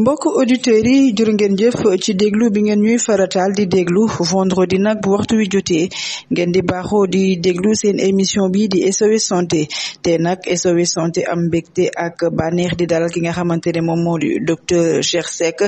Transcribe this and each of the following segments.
mbokk auditeurs yi jërë ngeen jëf ci déglu bi ngeen ñuy farataal di déglu vendredi nag bu waxtu wi jotee ngeen di baaxoo di déglu seen émission bi di SOS santé te nag SOS santé am mbégte ak bànneex di dalal ki nga xamante ne moom moo di docteur Cheikh Seck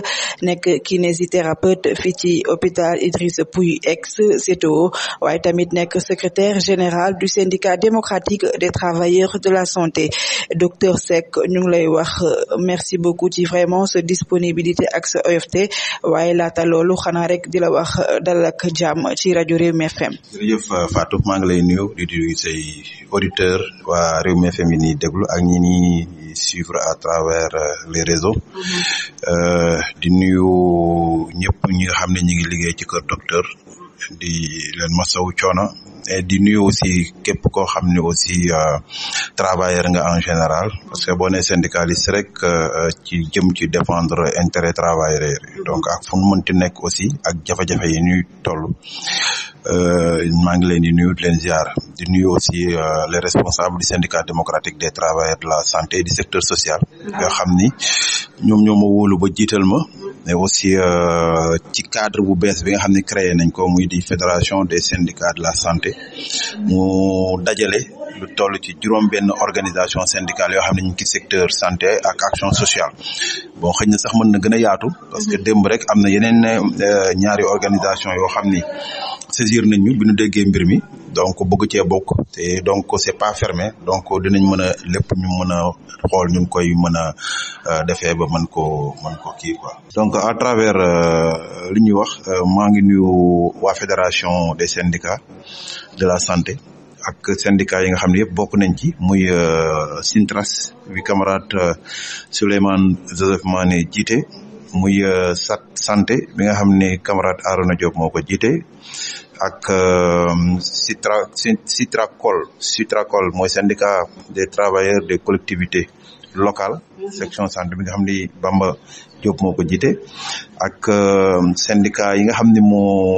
nekk kinésithérapeute fii ci hôpital Idrissa Pouye ex CTO waaye tamit nekk secrétaire général du syndicat démocratique des travailleurs de la santé docteur Seck ñu ngi lay wax merci beaucoup ci vraiment disponibilité ak sa OFT waaye laata loolu xanaa rek di la wax euh, dalak ak ci rajo Rewmi FM. jërëjëf euh, Fatou maa ngi lay nuyu di nuyu say auditeur waa Rewmi FM yi nii déglu ak ñi ni suivre à travers euh, les réseaux mm-hmm. di nuyu ñëpp ñu nga xam ne ñu ngi liggéey ci kër docteur di leen masawu coono. di nuyu aussi képp koo xam ne aussi euh, travailleur nga en général parce que boo nee syndicaliste rek euh, euh, ci jëm ci défendre intérêt travailleur donc ak fu nu mënti nekk aussi ak jafe-jafe yi ñuy toll maa ngi leen di nuyu di leen ziar di nuyu aussi les responsables du syndicat démocratique des travailleurs de la santé et du secteur social nga xam ni ñoom ñoo ma wóolu ba jiital ma mais aussi ci cadre bu bees bi nga xam ne créé nañ ko muy di fédération des syndicats de la santé mu dajale lu toll ci juróom benn organisation syndicale yoo xam ne ñu ngi ci secteur santé ak action sociale bon xëy na sax mën na gën a yaatu parce que démb rek am na yeneen euh, ñaari organisation yoo xam ni saisir nañ ñu bi ñu déggee mbir mi donc bëgg cee bokk te donc c'est pas fermé donc dinañ mën a lépp ñu mën a xool ñu ngi koy mën a euh, defee ba mën koo mën ko kii donc à travers euh, li ñuy wax maa ngi nuyu waa fédération des syndicats. de la santé ak syndicat yi nga xam ne yëpp bokk nañ ci muy euh, Sintras bi camarade euh, Souleymane Joseph Mané jiite muy euh, sat santé bi nga xam ne camarade Arona Diop moo ko jiite ak Citra Citracol Citracol mooy syndicat des travailleurs des collectivités locale section santé bi nga xam ni Bamba Diop moo ko jiite ak syndicat yi nga xam ni moo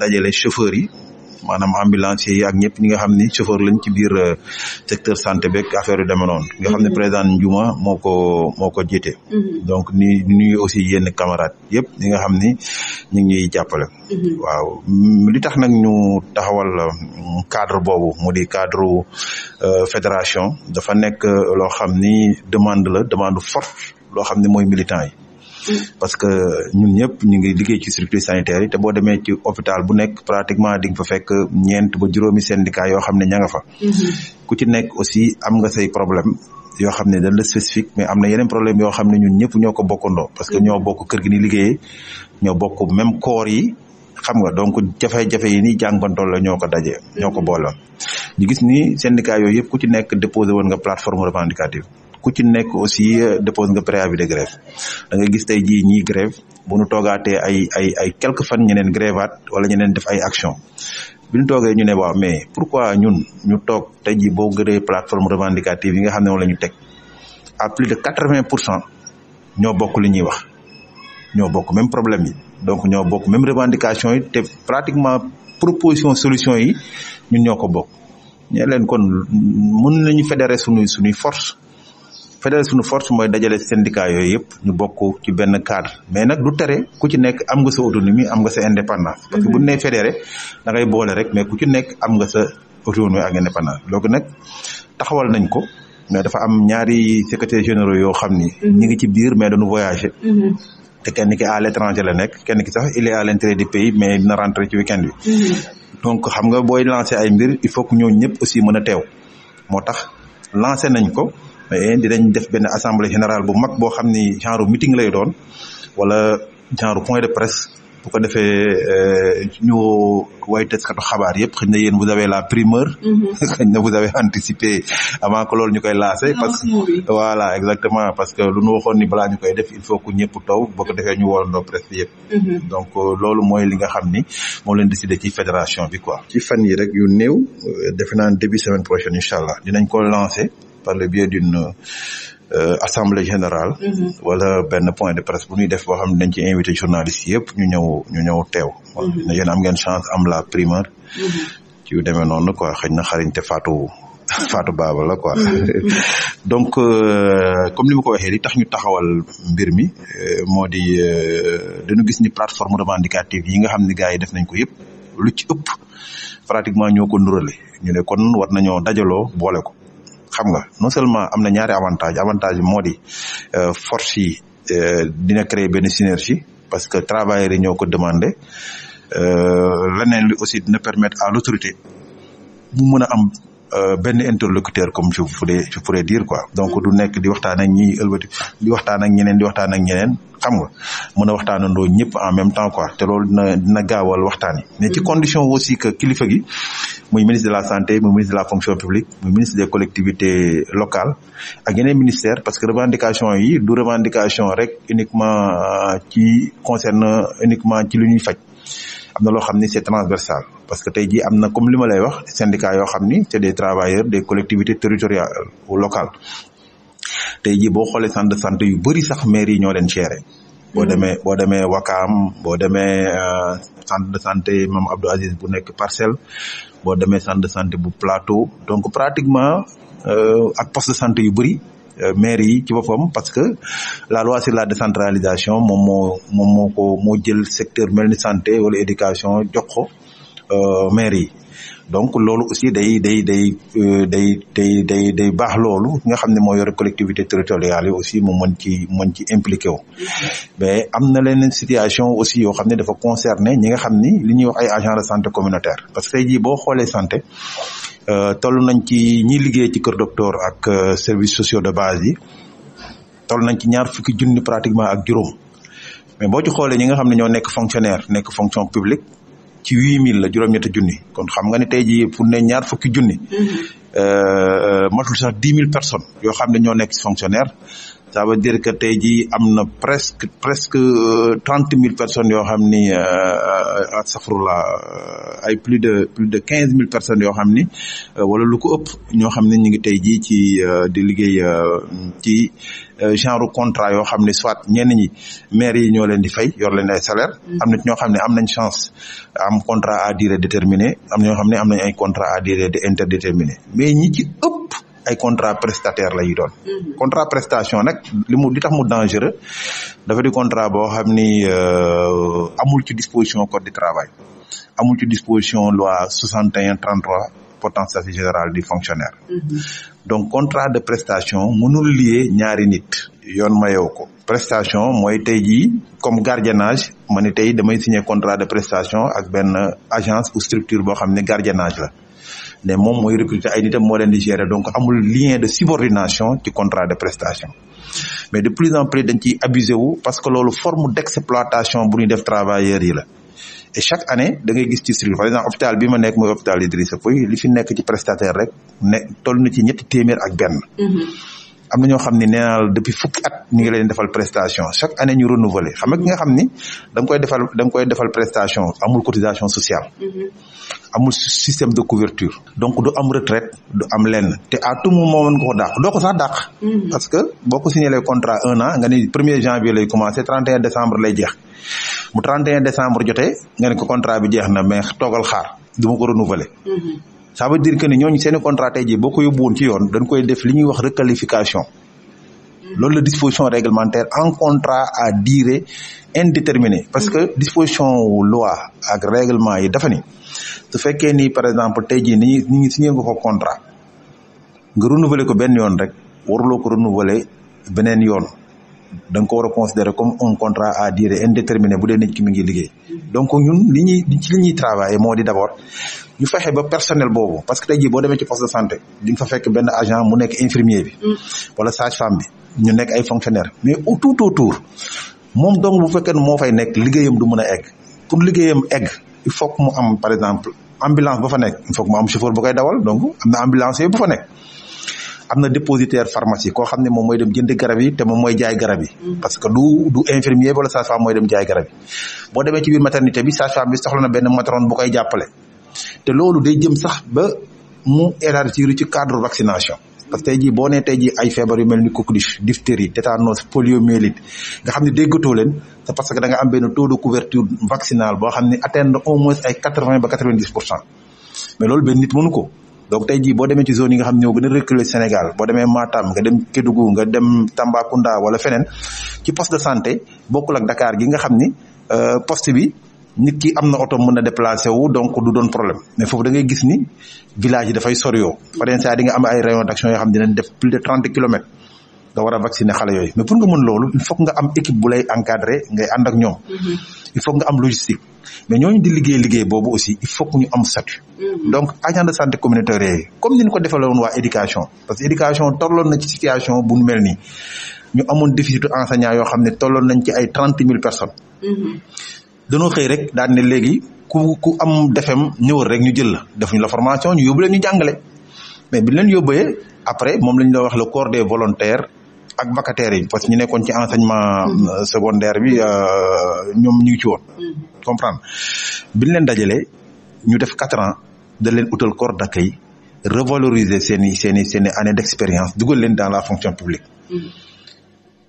dajale chauffeurs yi maanaam ambulanciers yi ak ñëpp ñi nga xam ni chauffeur lañ ci biir euh, secteur santé beeg affaire yu demee noonu nga xam ne mm-hmm. président Ndiouma moo ko moo ko jiite mm-hmm. donc ni nuyu aussi yenn camarades yëpp ñi nga xam ni ñu ngi ñuy jàppale mm-hmm. waaw mm, li tax nag ñu taxawal euh, cadre boobu mu di cadre euh, fédération dafa nekk loo xam ni demande la demande forte loo xam ni mooy militant yi parce que ñun ñëpp ñu ngi liggéey ci structure sanitaire yi te boo demee ci hôpital bu nekk pratiquement di nga fa fekk ñeent ba juróomi syndicat yoo xam ne ña nga fa mm-hmm. ku ci nekk aussi am nga say problème yoo xam ne dañ la spécifique mais am na yeneen problème yoo xam ne ñun ñëpp ñoo ko bokkandoo parce que mm-hmm. ñoo bokk kër gi ni liggéeyee ñoo bokk même corps yi xam nga donc jafe-jafe yi ni jànkontol la ñoo ko daje ñoo ko mm-hmm. booloon ñu gis ni syndicat yooyu yëpp ku ci nekk déposé woon nga plateforme revendicative ku ci nekk aussi euh, dépose nga préavis de grève da nga gis tey jii ñii grève bu nu toogaatee ay ay ay fan ñeneen grévaat wala ñeneen def ay action bi ñu toogee ñu ne waaw mais pourquoi ñun ñu toog tey jii boo gëree plateforme revendicative yi nga xam ne moom la ñu teg à plus de quatre-vingt pour cent ñoo bokk li ñuy wax ñoo bokk mem problème yi donc ñoo bokk même revendication yi te pratiquement proposition solution yi ñun ñoo ko bokk ñe leen kon mën nañu fédérer suñuy suñuy force fédérer suñu force mooy dajale syndicat yooyu yëpp ñu bokk ci benn cadre mais nag du tere ku ci nekk am nga sa autonomie am nga sa indépendance parce que mhm. bu ñu nee fédéré da ngay boole mais ku ci nekk am nga sa autonomie ak indépendance loolu nag taxawal nañ ko mais dafa am ñaari secrétaire généraux yoo xam ni mhm. ñi ngi ci biir mais dañu voyager mhm. te kenn ki à l'étranger la nekk kenn ki sax il est à l'intérieur pays mais dina rentrer ci week-end bi donc xam nga booy lancer ay mbir il faut que ñooñu ñëpp aussi mën a teew moo tax lancer nañ ko Eh, dinañ def benn assemblée générale bu mag boo xam ni genre meeting lay doon wala genre point de presse bu ko defee eh, ñu way taskatu xabaar yëpp xëy na yéen vous avez la primeur. Mhm. xëy na vous avez anticipé avant que loolu ñu koy lancé. parce que voilà exactement parce que lu nu waxoon ni balaa ñu koy def il faut que ñëpp taw boo ko defee ñu o presse bi yëpp. Mhm. donc euh, loolu mooy li nga xam ni moom leen décidé ci fédération bi quoi. ci fan yi rek yu néew euh, def naa début semaine prochaine incha allah dinañ ko lancé. par le biais d'une Euh, assemblée générale mm-hmm. wala benn point de presse bu ñuy def boo xam ne dañ ci invité journalistes yëpp ñu ñëw ñu ñëw teew mm-hmm. ne yéen am ngeen chance am la primeur mm-hmm. ci yu demee noonu quoi xëy na xariñte Fatou faatu Baba la quoi donc euh, comme ni ma ko waxee li tax ñu taxawal mbir mi euh, moo di euh, dañu gis ni plateforme revendicative yi nga xam ne gars yi def nañ ko yëpp lu ci ëpp pratiquement ñoo ko nurale ñu ne kon war nañoo dajaloo boole ko xam nga non seulement am na ñaari avantage avantage bi moo di euh, force yi euh, dina créer benn synergie parce que travailleurs yi ñoo ko demandé euh, leneen li aussi dina permettre à l'autorité mu mën a am Euh, benn interlocuteur comme je voulais je pourrais dire quoi donc du nekk di waxtaan ak ñi ëlbati di waxtaan ak ñeneen di waxtaan ak ñeneen xam nga mën a waxtaanandoo ñëpp en même temps quoi te loolu dina dina gaawal waxtaan yi mais ci mm-hmm. condition aussi que kilifa gi muy ministre de la santé muy ministre de la fonction publique muy ministre des collectivités locales ak yeneen ministère parce que revendication yi du revendication rek uniquement ci concerne uniquement ci li ñuy faj am na loo xam ni c'est transversal parce que tey jii am na comme li ma lay wax syndicat yoo xam ni c'est des travailleurs des collectivités territoriales ou locales tey jii boo xoolee centre de santé yu bëri sax maire yi ñoo leen géré boo mm-hmm. demee boo demee Wakaam boo demee euh, centre de santé Mame Abdou Aziz bu nekk parcelle boo demee centre de santé bu plateau donc pratiquement euh, ak poste de santé yu bëri Euh, maire yi ci boppam parce que la loi sur la décentralisation moom moo moom moo ko moo jël secteur mel ni santé wala éducation jox ko euh, maire yi donc loolu aussi day day day euh, day day day day baax loolu nga xam ne moo yore collectivité territoriale yi aussi mu mën ci mën ci impliqué wu mais am na leneen situation aussi yoo xam ne dafa concerné ñi nga xam ni li ñuy wax ay agents santé communautaire parce jii boo xoolee santé euh, toll nañ ci ñi liggéey ci kër docteur ak euh, service sociaux de base yi toll nañ ci ñaar fukki junni pratiquement ak juróom mais boo ci xoolee ñi nga xam ne ñoo nekk fonctionnaire nekk fonction publique ci huit mille la juróom-ñetti junni kon xam nga ne tey jii pour ne ñaar fukki junni mm-hmm. euh, euh, matul sax dix mille personnes yoo xam ne ñoo nekk ci fonctionnaire ça veut dire que tey jii am na presque presque euh, trente mille personnes yoo xam ni euh, euh, astaghfirullah ay plus de plus de quinze mille personnes yoo xam ni wala lu ko ëpp ñoo xam ne ñu ngi tey jii ci di liggéey ci genre contrat yoo xam ne soit ñenn ñi maire yi ñoo leen di fay yor leen ay salaire mm. am na ñoo xam ne am nañ chance am contrat à durée déterminée am na xam ne am nañ ay contrat à inter interdéterminée mais ñi ci ëpp ay contrat prestataire la ñuy doon. Mm-hmm. contrat prestation nag li mu li tax mu dangereux dafa di contrat boo xam ni euh, amul ci disposition code du travail amul ci disposition loi 61 33 portant statut général di fonctionnaire. Mm-hmm. donc contrat de prestation mënul lier ñaari nit. yoon mayewu ko. prestation mooy tey jii comme gardiennage ma ne tey damay signer contrat de prestation ak benn agence ou structure boo xam ne gardiennage la. ne moom moy recruter ay nitam moo leen di gérer donc amul lien de subordination ci contrat de prestation mais de plus en plus dañ ciy abusé wu parce que loolu forme d'exploitation bu ñuy def travailleurs yi la et chaque année da ngay gis ci structure par exemple bi ma nekk mooy hôpital Idrissa Pouye li fi nekk ci prestataire rek ne toll na ci ñetti téeméer ak benn mm-hmm. am na ñoo xam ne nee naa la depuis fukki at ñu ngi leen defal prestation chaque année ñu renouveler xam nga ki nga xam ni da koy defal da koy defal prestation amul cotisation sociale. Mm-hmm. amul système de couverture. donc du am retraite du am lenn te à tout moment mën nga ko dàq doo ko sax dàq. Mm-hmm. parce que boo ko signé contrat un an nga ni premier janvier lay commencé 31 décembre lay jeex mu en décembre jote nga ne ko contrat bi jeex na mais toogal xaar du ma ko renouveler. Mm-hmm. ça veut dire que ne ñooñu seen i contrat tey jii boo ko yóbbuwoon ci yoon dañ koy def li ñuy wax requalification loolu la disposition réglementaire en contrat à durée indéterminée parce que disposition loi ak règlement yi dafa ni su fekkee ni par exemple tey jii ni ñu signé nga ko contrat nga renouveler ko benn yoon rek waruloo ko renouveler beneen yoon dan ko war a considérer comme un contrat à durée indéterminée bu dee nit ki mi ngi liggéey donc ñun li ñuy li ñuy travailler moo di d'abord ñu fexe ba personnel boobu parce que tey jii boo demee ci poste santé fekk benn agent mu nekk infirmier bi. Mm. wala sage-femme bi ñu nekk ay fonctionnaire mais tout autour moom donc bu fekkee ne moo fay nekk liggéeyam du mën a egg pour liggéeyam egg il faut que mu am par exemple ambulance ba fa nekk il faut mu am chauffeur bu koy dawal donc am na ambulance yooyu ba fa nekk. am na dépositaire pharmacie koo xam ne moom moy dem jënd garab yi te moom mooy jaay garab yi. Mm. parce que du du infirmier wala sage mooy dem jaay garab boo demee ci biir bi sage-femme bi soxla na benn matron bu koy jàppale te loolu day jëm sax ba mu élargir ci cadre vaccination parce que tey jii boo nee tey jii ay feebar yu mel ni coqueluche diphtérie tétanos poliomyélite nga xam ne déggatoo leen parce que da nga am benn taux de couverture vaccinale boo xam ne atteindre au mois ay quatre vingt ba quatre vingt dix pour cent mais loolu benn nit mënu ko. donc tey ji boo demee ci zone nga xam ne ñoo gën a reculé Sénégal boo demee Matam nga dem Kédougou nga dem Tambacounda wala feneen ci poste de santé bokkul ak Dakar gi nga xam ni euh, poste bi. nit ki am na oto mën a déplacé wu donc du doon problème mais foofu da ngay gis ni village yi dafay soriwoo. par exemple nga am ay rayon d'action yoo xam ne dinañ def plus de trente kilomètres nga war a vacciner xale yooyu mais pour nga mën loolu il faut nga am équipe bu lay encadrer ngay ànd ak ñoom. Mm-hmm. il faut nga am logistique mais ñooñu di liggéey liggéey boobu aussi il faut ñu am statut. Mm-hmm. donc agent de santé communautaire yooyu ko defale woon waa éducation parce que éducation tolloon na ci situation mel nii ñu amoon déficit enseignant yoo xam ne tolloon nañ ci ay trente mille personnes. Mm-hmm. danoo xëy rek daal ne léegi ku ku am defem ñëwal rek ñu jël la def ñu la formation ñu yóbbu leen ñu jàngale mais bi leen yóbbee après moom lañ doon wax le corps des volontaires ak vacataires yi parce que ñu nekkoon ci enseignement mm-hmm. euh, secondaire bi euh, ñoom ñu ngi ci woon. Mm-hmm. comprendre bi ñu leen dajalee ñu def quatre ans da leen utal corps d'accueil revaloriser seen i seen i seen i année d'expérience dugal leen dans la fonction publique. Mm-hmm.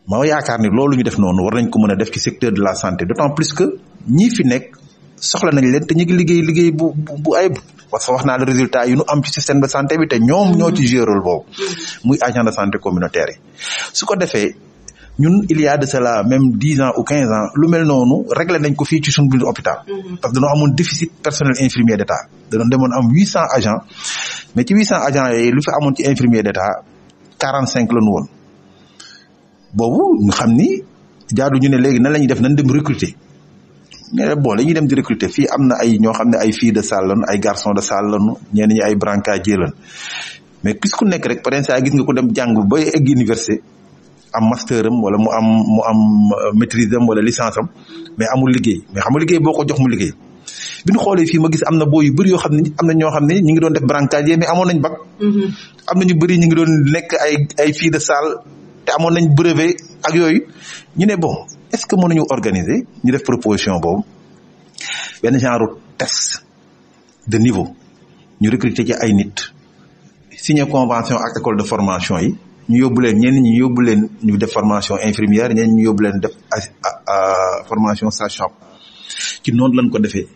ma yaakaar ni loolu ñu def noonu war nañ ko mën a def ci secteur de la santé d'autant plus que ñii fi nekk soxla nañ leen te ñu liggéey liggéey bu bu ayib parce que wax naa la résultat yu ñu am ci système de santé bi te ñoom ñoo ci joué rôle boobu muy agent de santé communautaire yi su ko defee ñun il y a de cela même dix ans ou quinze ans lu mel noonu réglé nañ ko fi ci suñu biir hôpital. Mm-hmm. parce que dañoo amoon déficit personnel infirmier d' état dañoo am huit cent agents mais ci huit cent agents lu fi amoon ci infirmier d' état quarante cinq la woon. boobu ñu xam ni jaadu ñu ne léegi na la ñuy def nan dem recruter mais bon la ñuy dem di recruter fii am na ay ñoo xam ne ay filles de salle lañu ay garçons de salle lañu ñenn ñi ay brancardiers lañu mais gis ku nekk rek par exemple gis nga ko dem jàng ba egg université am master am wala mu am mu am euh, maîtrise am wala licence am mais amul liggéey mais xam nga liggéey boo ko jox mu liggéey. bi ñu xoolee fii ma gis am na boo yu bëri yoo xam ni am na ñoo xam ne ñu ngi doon def brancardier mais amoon nañ bac. Mm-hmm. na ñu bëri ñu ngi doon nekk ay ay filles de salle. te amoon nañ brevet ak yooyu ñu ne bon est-ce que mënuñu organiser ñu def proposition boobu benn genre test de niveau ñu recruter ci ay nit signer convention ak école de formation yi ñu yóbbu leen ñenn ñu yóbbu leen ñu def formation infirmière ñenn ñu yóbbu leen def formation sage-femme ci noonu lañ ko defee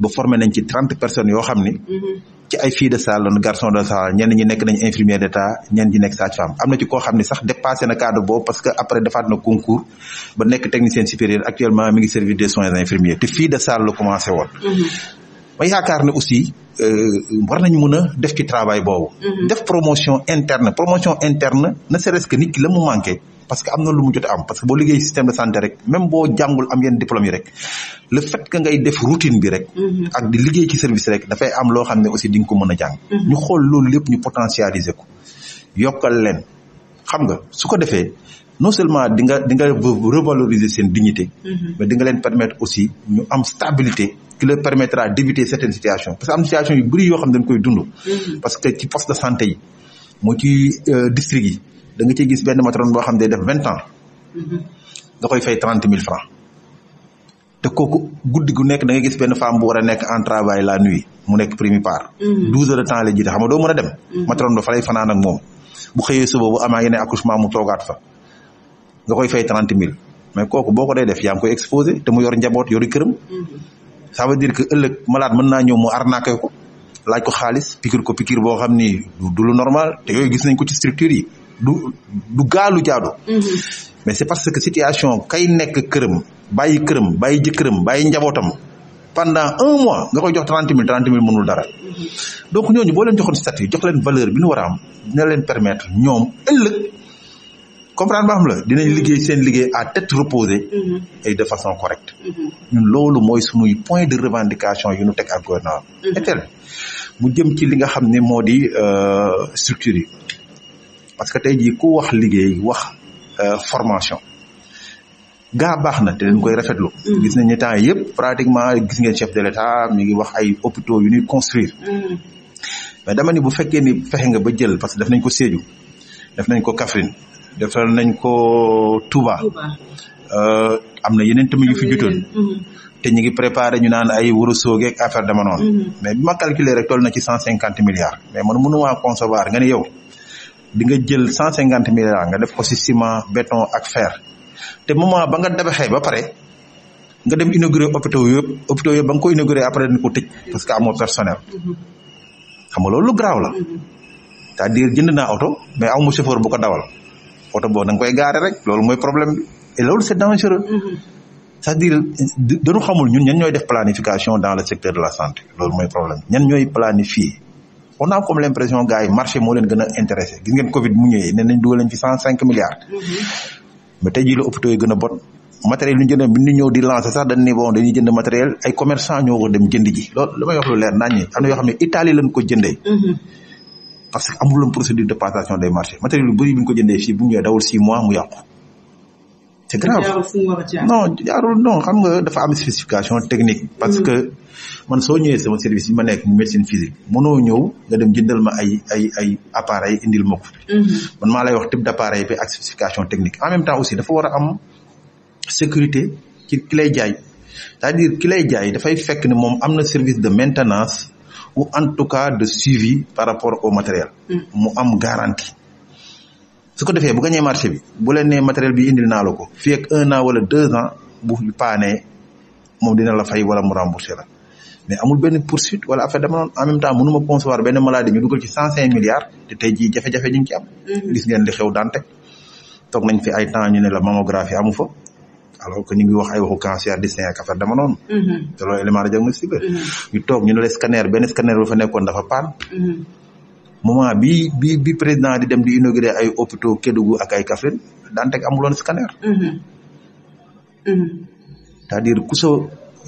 ba formé nañ ci trente personnes yoo xam ni. Mhm. ci ay filles de salle lan garçon de salle ñenn ñi nekk nañ infirmier d'état ñenn ñi nekk sage femme am ci koo xam ne sax dépassé na cadre boobu parce que après defaat na concours ba nekk technicien supérieur actuellement mi ngi service des soins infirmiers te fille de salle la commencé woon. Mhm. ma yaakaar ne aussi euh, war nañu mën a def ci travail boobu. Mhm. def promotion interne promotion interne na serait que nit ki la mu manqué. parce que am na lu mu jot am parce que boo liggéey système de santé rek même boo jàngul am yenn diplôme yi rek le fait que ngay def routine bi rek. Mhm. ak di liggéey ci service rek dafay am loo xam ne aussi di nga ko mën a jàng. Mhm. ñu xool loolu lépp ñu potentialiser ko yokkal leen xam nga su ko defee non seulement di nga di nga revaloriser seen dignité. mais di nga leen permettre aussi ñu am stabilité. qui leur permettra d'éviter certaines situations parce que am situation yu bëri yoo xam ne mm-hmm. parce que ci poste de santé yi moo ci euh, district yi da nga ciy gis benn matron boo xam ne day def vingt ans. nga mm-hmm. koy fay trente mille francs te kooku guddi gu nekk da nga gis benn femme bu war a nekk en travail la nuit mu nekk premier part. Mm-hmm. douze heures de temps lay jiite xam nga doo mën a dem. matron ba fa lay fanaan ak moom bu xëyee suba bu amaa yeneen accouchement mu toogaat fa nga koy fay trente mille mais kooku boo ko dee def yaa ngi koy exposé te mu yor njaboot yori këram. ça veut dire que ëllëg malade mën naa ñëw mu arnaqué ko laaj ko xaalis piqûre ko piqûre boo xam ni du lu normal te gis nañ ko ci structure yi du du gaalu jaadu. Mm-hmm. mais c'est parce que situation kay nekk këram bàyyi këram bàyyi jëkkëram bàyyi njabootam pendant un mois nga koy jox trente mille trente mil mënul dara. Mm-hmm. donc ñooñu boo leen joxoon statut jox leen valeur bi ñu war a am leen permettre ñoom ëllëg. comme ba xam la dinañ mm-hmm. liggéey seen liggéey à tête reposée mm-hmm. et de façon mm-hmm. loolu mooy suñuy point de revendication yu ñu teg ak gouvernement etel mu jëm ci li nga xam ne moo di euh, structure yi parce que tey jii ku wax liggéey wax euh, formation gaa baax na te dañ koy rafetlu gis nañ ne temps yëpp pratiquement gis ngeen chef de l'État mi ngi wax ay hôpitaux yu ñuy construire mais dama ni bu fekkee ni fexe nga ba jël parce que def nañ ko Sédhiou def nañ ko Kaffrine defal nañ ko Touba euh, am na yeneen tamit yu fi jotoon mhm. te ñu ngi préparé ñu naan ay wërësooge ak affaire dama mhm. mais bi ma calculé rek na ci cent cinquante milliards mais man mënu maa concevoir nga ne yow di nga jël cent cinquante milliards nga def ko ci ciment béton ak fer te moment ba nga dabaxee ba pare nga dem inauguré hôpitaux yëpp hôpitaux yëpp ba nga ko inauguré après dañ ko tëj parce que amoo personnel mhm. xam nga loolu lu garaaw la cest à jënd naa oto mais aw ma chauffeur bu ko dawal oto boobu da nga koy gaar rek loolu mooy problème bi et loolu c'est dangereux mm-hmm. c'est-à-dire dañu xamul ñun ñan ñooy def planification dans le secteur de la santé loolu mooy problème ñan ñooy planifier on a comme l'impression gars yi marché moo leen gën a intéressé gis ngeen Covid mu ñëwee ne nañ dugal nañ fi cent cinq milliards mm-hmm. mais tey jii gën a bon matériel yi ñu jënd bi ñu ñëw di lancer sax dañ ne bon dañuy jënd matériel ay commerçant ñoo ko dem jënd ji loolu leer nañ ñi yoo xam ne Italie lañ ko jëndee mm-hmm. parce que amuloon procédure de passation des marchés matériel yu bëri bu ñu ko jëndee fii bu ñëwee dawul six mu yàqu c'est grave non jaarul non xam nga dafa am spécification technique parce que man soo ñëwee sama service yi ma nekk mu médecine physique mënoo ñëw nga dem jëndal ma ay ay ay appareil indil ma mhm. man maa lay wax type d'appareil bi ak spécification technique en même temps aussi dafa war am sécurité ci ki jaay c'est-à-dire ki lay dafay fekk ne moom am na service de maintenance ou en tout cas de suivi par rapport au matériel. Mm. mu am garantie. su ko defee bu gañee marché bi bu leenee matériel bi indil naa la ko fii ak un an wala deux ans bu paanee moom dina la fay wala mu remboursé la mais amul benn poursuite wala affaire dama noonu en même temps mënuma concevoir benn maladie ñu dugal ci cent cinq milliards te tey jii jafe-jafe ñu ci am. Mm-hmm. gis ngeen li xew Dantec toog nañ fi ay temps ñu ne la mammographie amu fa. alors que ñu ngi wax ay waxu cancer di a ak affaire dama noonu mhm. te loolu élément de diagnostic la mhm. ñu toog ñu ne la scanner benn scanner bu fa nekkoon dafa paan mhm. moment bi bi bi président di dem di inauguré ay hôpitaux Kédougou ak ay Kaffrine Dantec amuloon scanner c'est-à-dire ku sa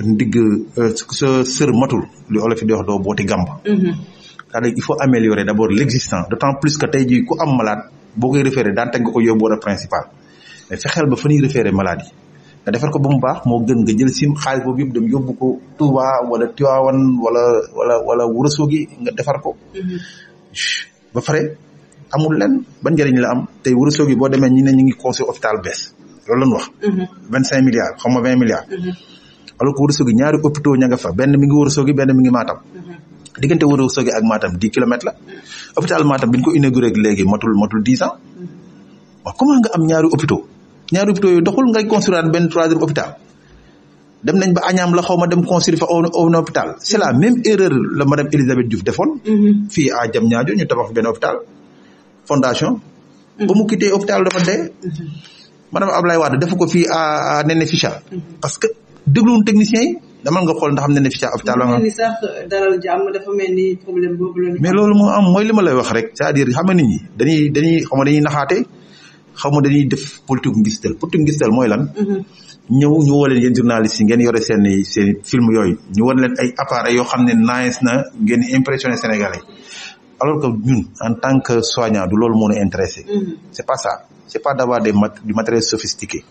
ndigg euh, ku sa sër matul li olof di wax doo booti gàmb c'est-à-dire il faut améliorer d'abord l'existant d'autant plus que tey jii ku am malade boo koy référé Dantec nga ko yóbbu wala principal mais fexeel ba fa ñuy référé malade yi nga defar ko ba mu baax moo gën nga jël sim xaalis boobu yëpp dem yóbbu ko Touba wala Tivaouane wala wala wala Ourossogui nga defar ko. Mhm. ba pare amul lenn ba njëriñ la am tey Ourossogui boo demee ñi ne ñu ngi construire hôpital bees loolu la ñu wax. Mhm. vingt cinq milliards xaw ma vingt milliards. Mhm. alors que Ourossogui ñaari hôpitaux ña nga fa benn mi ngi Ourossogui benn mi ngi Matam. diggante Ourossogui ak Matam dix kilomètres la. hôpital Matam bi ñu ko inauguré léegi matul matul dix ans. waaw comment nga am ñaari hôpitaux. ñaari hôpitaux yooyu doxul ngay construire benn troisième hôpital dem nañ ba añaam la xaw ma dem construire fa un hôpital c' est la mm-hmm. même erreur la madame Elisabeth Diouf defoon. Mm-hmm. fii à Diamniadio ñu tabax benn hôpital fondation. Mm-hmm. ba mu quitté hôpital dafa dee. madame Ablaye Wade def ko fii à à Nene Ficha. parce que dégluwul technicien yi. damal nga xool ndaxam am na ne ca hôpital nga mais loolu moo am mooy li ma lay wax rek cest dire xam nga nit ñi dañuy dañuy xam nga dañuy naxaate. xaw ma dañuy def politique ngistal politique ngistal mooy lan. Mhm. ñëw ñu woo leen yéen journalistes ngeen yore seen seen film yooyu ñu wan leen ay appareils yoo xam ne nice na ngeen impressionné Sénégalais alors que ñun en tant que soignant du loolu moo ñu intéressé. Mhm. c' est pas ça c' est pas d' avoir des mat du matériel sophistiqué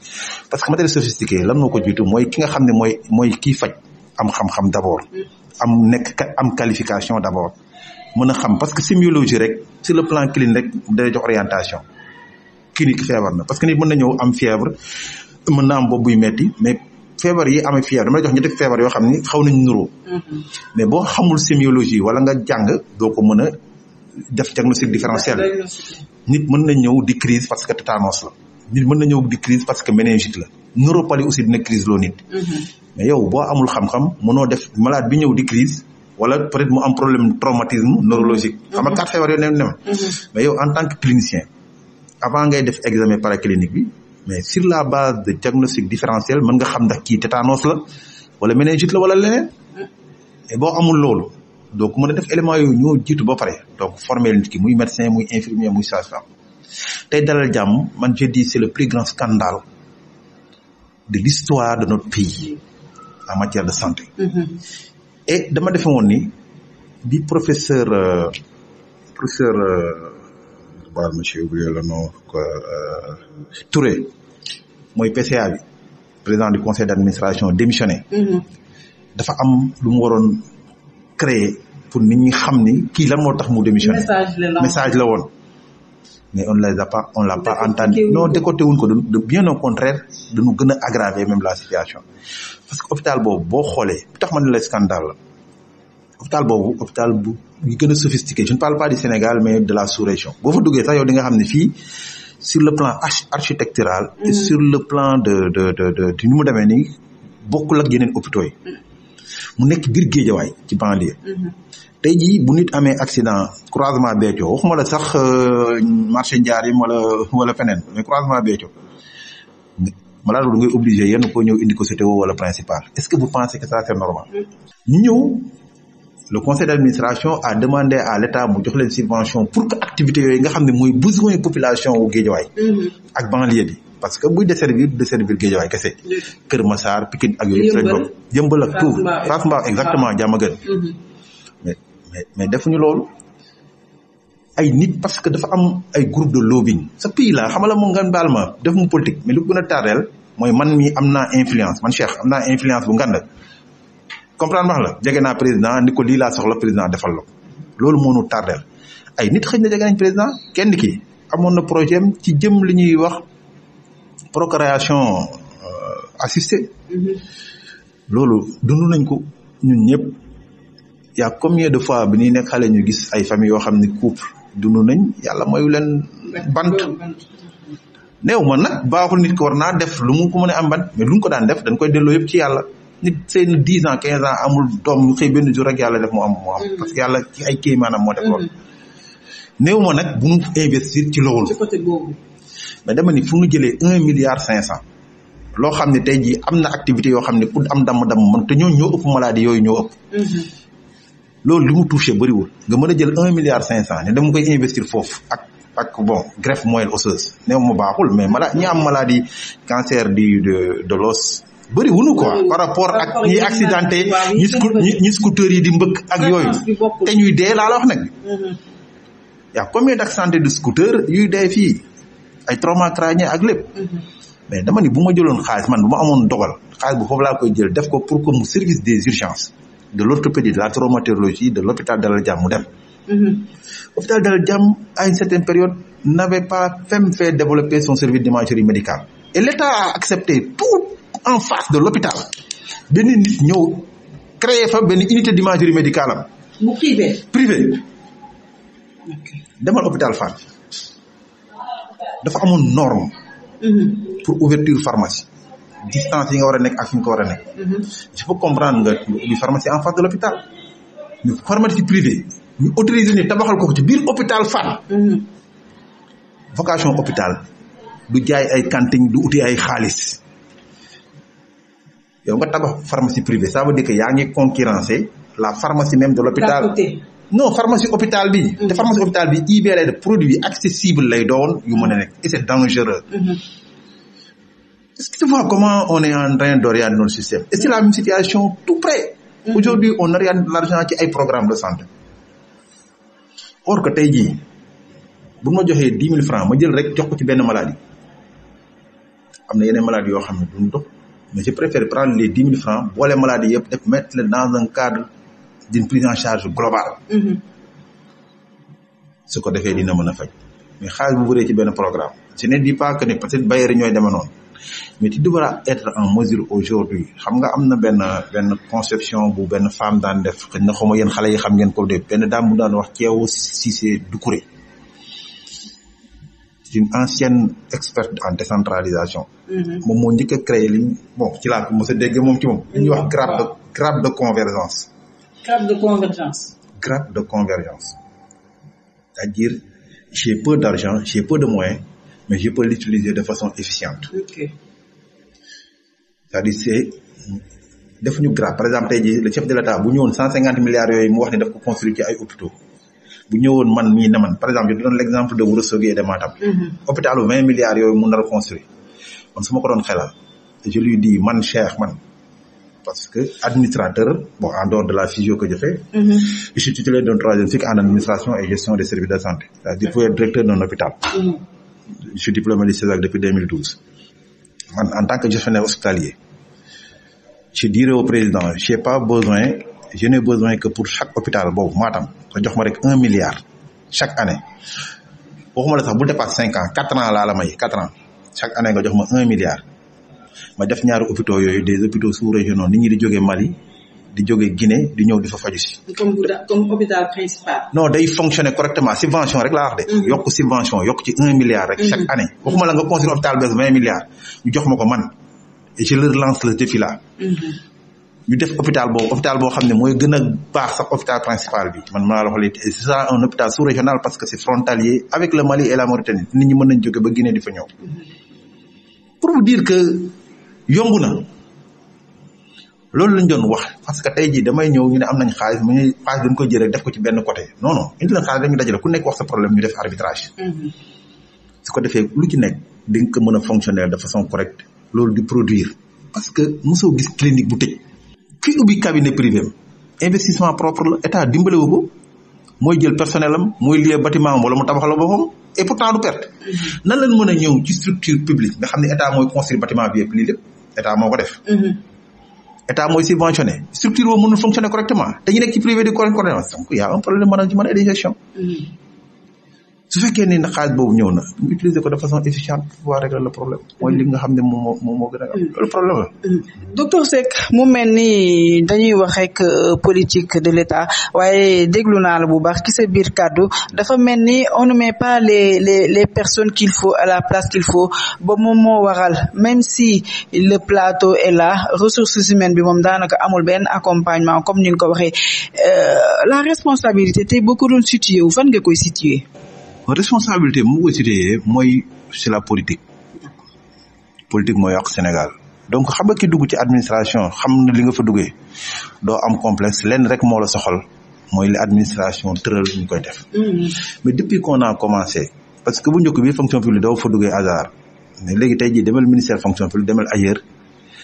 parce que matériel sophistiqué lan moo ko jiitu mooy ki nga xam ne mooy mooy kii faj am xam-xam d' abord. Mhm. am nekk am qualification d' abord mën a xam parce que sémiologie rek sur le plan clinique rek day kii nit feebar na parce que nit mën na ñëw am fièvre mën na am bopp buy metti mais feebar yi amee fièvre dama la jox ñetti feebar yoo xam ni xaw nañ nuroo mm-hmm. mais boo xamul sémiologie wala nga jàng doo ko mën a def diagnostic différentiel nit mën na ñëw di crise parce que tétanos la nit mën na ñëw di parce que méningite la neuropalie aussi dina crise loo mm-hmm. mais yow boo amul xam mën mënoo def malade bi ñëw di crise wala peut-être mu am problème traumatisme neurologique xam nga mm-hmm. quatre feebar yooyu ne mais yow en tant que clinicien avant ngay def examen paraclinique bi mais sur la base de diagnostic différentiel mën nga xam ndax kii tétanos la wala méningite la wala leneen boo amul loolu donc man a def élément yooyu ñoo jiitu ba pare donc former nit ki muy médecin muy infirmier muy sage-femme tey dalal jàmm man je dis c'est le plus grand scandale de l'histoire de notre pays en matière de santé mm dama defe woon ni bi professeur euh, professeur euh, baal monsieur oublier le nom euh, Touré mooy PCA bi président du conseil d' administration démissionné. Mm-hmm. dafa am lu mu waroon créer pour ni ñi xam ni kii lan moo tax mu démissionné. message la woon mais on les a pas on l'a pas entendu non décoté wuñ ko de bien au contraire dañu gën a aggraver même la situation parce que hôpital boobu boo xoolee tax ma ne la scandale la. hôpital boobu hôpital bu ngi gën a sophistiqué je ne parle pas du Sénégal mais de la sous-région boo fa duggee sax yow nga xam ne fii sur le plan architectural et mm. sur le plan de de de de ni mu demee nii bokkul ak yeneen hôpitaux yi mu nekk biir géejawaay ci banlieue mm-hmm. tey jii bu nit amee accident croisement Béthio waxuma la sax euh, marché Ndiarème wala wala feneen mais croisement Béthio malade bi da ngay obligé yenn ko ñëw indi ko CTO wala principal est-ce que vous pensez que ça le conseil d'administration a demandé à l'État mu jox leen subvention pour que activités yooyu nga xam ne mooy besoin population wu Guédiawaye mm-hmm. ak banlieue bi parce que buy desservir desservir Guédiawaye kese Kër Massar Pikine ak yooyu yëpp seen bopp yëmbal ak tout Fass Mbao exactement mm-hmm. mais mais defuñu loolu ay nit parce que dafa am ay groupe de lobbying sa pays la xamala moo ngan baal ma def mu politique mais lu gën a mooy man mii am na influence man Cheikh am naa influence bu ngand comprendre wax la jege naa président ni ko lii laa soxla président defal la ko loolu moo ñu ay nit xëy na jege nañ président kenn ki amoon na projet ci jëm li ñuy wax procréation euh, assistée mm-hmm. loolu dund nañ ko ñun ñëpp y a combien de fois bi ñuy nekk xale ñu gis ay famille yoo xam ne couple dund nañ yàlla mayu leen bant néew ma nag baaxul nit ko war naa def lu mu ko mën a am bant mais lu ko daan def dañ koy delloo yëpp ci yàlla nit seen dix ans quinze ans amul doom ñu xëy benn jour rek yàlla def mu am mu am. Mm-hmm. parce que yàlla ci ay kii maanaam moo def loolu. Mm-hmm. néew ma nag bu investir ci loolu. ci côté boobu. mais dama ni fu ñu jëlee un milliard cinq cent. loo xam ne tey jii am na activité yoo xam ne ku am dam dam mën te ñooñu ñoo ëpp maladie yooyu ñoo ëpp. Mm-hmm. loolu li mu touché bëriwul nga mën a jël un milliard cinq cent ne dama koy investir foofu ak ak bon greffe moelle osseuse néew ma baaxul mais mala ñi am maladie cancer du de de l'os bëri wuñu quoi par rapport ak ñi accidenté ñi ñi scooter yi di mbëkk ak yooyu te ñuy dee laa la wax nag mm-hmm. y a combien d'accidenté de scooter yuy dee fii ay trauma crânien ak lépp mm-hmm. mais dama ni bu ma jëloon xaalis man bu ma amoon dogal xaalis bu foofu laa koy jël def ko pour que service des urgences de l'orthopédie de la traumatologie de l'hôpital Dalal Jàmm mu dem mm-hmm. hôpital Dalal Jàmm à une certaine période n'avait pas même fait développer son service d'imagerie médicale et en face de l'hôpital benn ñëw créer fa benn unité d'imagerie médicale am. bu privé. demal hôpital Fann dafa amoon norme. Mhm. pour ouverture pharmacie. distance yi nga war a nekk ak fi nga ko war a nekk. je mhm. peux comprendre nga di pharmacie en face de l'hôpital mais pharmacie privée ñu autorisé ni tabaxal ko ci biir hôpital Fann. Mhm. vocation hôpital du jaay ay cantine du uti ay xaalis. yow nga tabax pharmacie privée ça veut dire que yaa ngi concurrencer la pharmacie même de l'hôpital non pharmacie hôpital bi mm-hmm. te pharmacie hôpital bi IB lay def produit accessible lay doon yu mën a nekk et c'est dangereux mm-hmm. est que comment on est en train d'orienter notre système et c'est la situation tout près mm-hmm. aujourd'hui on oriente l'argent ci ay programme de santé or que tey jii bu ma joxee dix mille francs ma jël rek jox ko ci benn maladie am na yeneen maladie yoo xam ne duñ dox mais je préfère prendre les dix mille francs boole maladie yëpp def mettre leen dans un cadre d'une prise en charge globale. Mhm. su ko defee dina mën a faj. mais xaalis bu bëree ci benn programme. je ne dis pas que ne peut-être bailleurs yi ñooy demee noonu mais tu devras être en mesure aujourd'hui xam nga am na benn benn conception bu benn femme daan def xëy na xaw ma yéen xale yi xam ngeen ko de benn dame bu daan wax ceewu Cissé Doucouré. une ancienne experte en décentralisation. Mm-hmm. moom moo njëkk a créé li bon ci laa ko mos moom ci moom. li ñuy wax grappe de mm-hmm. grappe de convergence. grappe de convergence. grappe de convergence c'est-à-dire j'ai peu d'argent j'ai peu de moyens mais je peux l'utiliser de façon efficiente. ok c'est-à-dire c'est defuñu grappe par exemple tey jii le chef de l'État bu ñëwoon cent cinquante milliards yooyu mu wax ne daf ko construire ay hôpitaux. bu ñëwoon man mii ne man par exemple je donne l' exemple de Ourossogui et de Matam. Mm-hmm. milliards yooyu mun na reconstruire man su ma ko doon xelal je lui dis man Cheikh man parce que administrateur bon en dehors de la physio que je i mm-hmm. je suis titulaire d'un troisième en administration et gestion des services de santé. cest à directeur d'un hôpital. Mm-hmm. je suis diplômé du CESAC depuis 2012. man en tant que gestionnaire hospitalier je dirais au président j'ai pas besoin. je n'ai besoin que pour chaque hôpital boobu Matam nga jox ma rek un milliard chaque année waxuma la bu dépasse cinq ans quatre ans laa la may quatre ans chaque année nga jox ma un milliard ma def ñaari hôpitaux yooyu des hôpitaux sous-régionaux nit ñi di jógee Mali di jógee Guinée di ñëw di fa faju si. comme comme day fonctionner correctement subvention rek la wax de. Mm-hmm. yokk subvention yokk ci un milliard rek. chaque mm-hmm. année waxuma la nga construire hôpital bees vingt milliards jox ma ko man et je leur lance le défi ñu def hôpital boobu hôpital boo xam ne mooy gën a baax sax hôpital principal bi man maa la wax léegi c'est un hôpital sous-régional parce que c'est frontalier avec le Mali et la Mauritanie nit ñi mën nañ joge ba Guinée a fa ñëw pour que yomb na loolu lañ doon wax parce que tey jii damay ñëw ñu ne am nañ xaalis mu ñuy xaalis dañ koy def ko ci benn côté non non indi xaalis dañu dajale ku nekk wax sa problème ñu def arbitrage mm-hmm. su ko defee lu ci nekk di nga ko mën a fonctionner de façon correcte loolu di produire parce que mosoo gis clinique bu tëj ki ubbi cabinet privé investissement propre la état dimbalewu ko mooy jël personnel am mooy lié bâtiment am wala mu tabax la boppam et pourtant du perte nan lañ mën a ñëw ci structure publique nga xam ne état mooy construire batiment bi yëpp lii lépp état moo ko def mhm. état mooy subventionné structure boobu mënul fonctionner correctement dañu nekk ci privé di correctement donc y a un problème management et de gestion mhm. su fekkee ne xaalis boobu ñëw na ñu façon efficiente pour pouvoir régler le problème mooy li nga xam ne moom moo moo gën a mu mel ni dañuy wax rek euh, politique de l'État waaye déglu naa la bu baax ci sa biir kàddu dafa mel ni on ne met pas les les les personnes qu'il faut à la place qu'il faut ba moom moo waral même si le plateau est là ressources humaines bi moom daanaka amul benn accompagnement comme ni nga ko waxee euh, la responsabilité te boo ko doon situé wu fan nga koy situé. responsabilité bi ma koy cité mooy c'est la politique politique mooy yàq Sénégal donc xam nga ki dugg ci administration xam na li nga fa duggee doo am complexe lenn rek moo la soxal mooy li administration tëral ñu koy def. Mm-hmm. mais depuis qu'on a commencé parce que bu njëkk bi fonction publique doo fa duggee hasard mais léegi tey jii demal ministère fonction publique demal ailleurs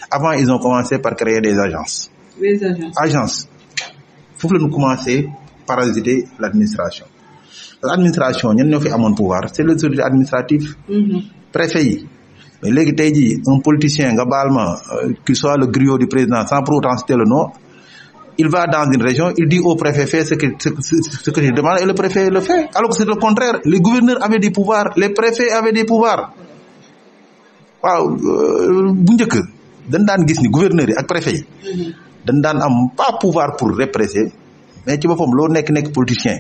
avant ils ont commencé par créer des agences. agence agences agences foofu la ñu commencé parasiter l'administration. administration ñen ñoo fi amoon pouvoir c'est les autorités administratives mhm. préfet yi mais léegi tey ji un politicien nga baal ma euh, qui soit le griot du président sans pro autant citer no nom il va dans une région il dit au préfet fais ce que ce, ce le préfet le fait alors c'est le contraire les gouverneurs avaient des pouvoirs les préfets avaient des pouvoirs waaw euh, bu njëkk dañ daan gis ni gouverneurs yi ak préfet yi mhm. dañ daan am pas pouvoir pour répresser mais ci boppam loo nekk nekk politicien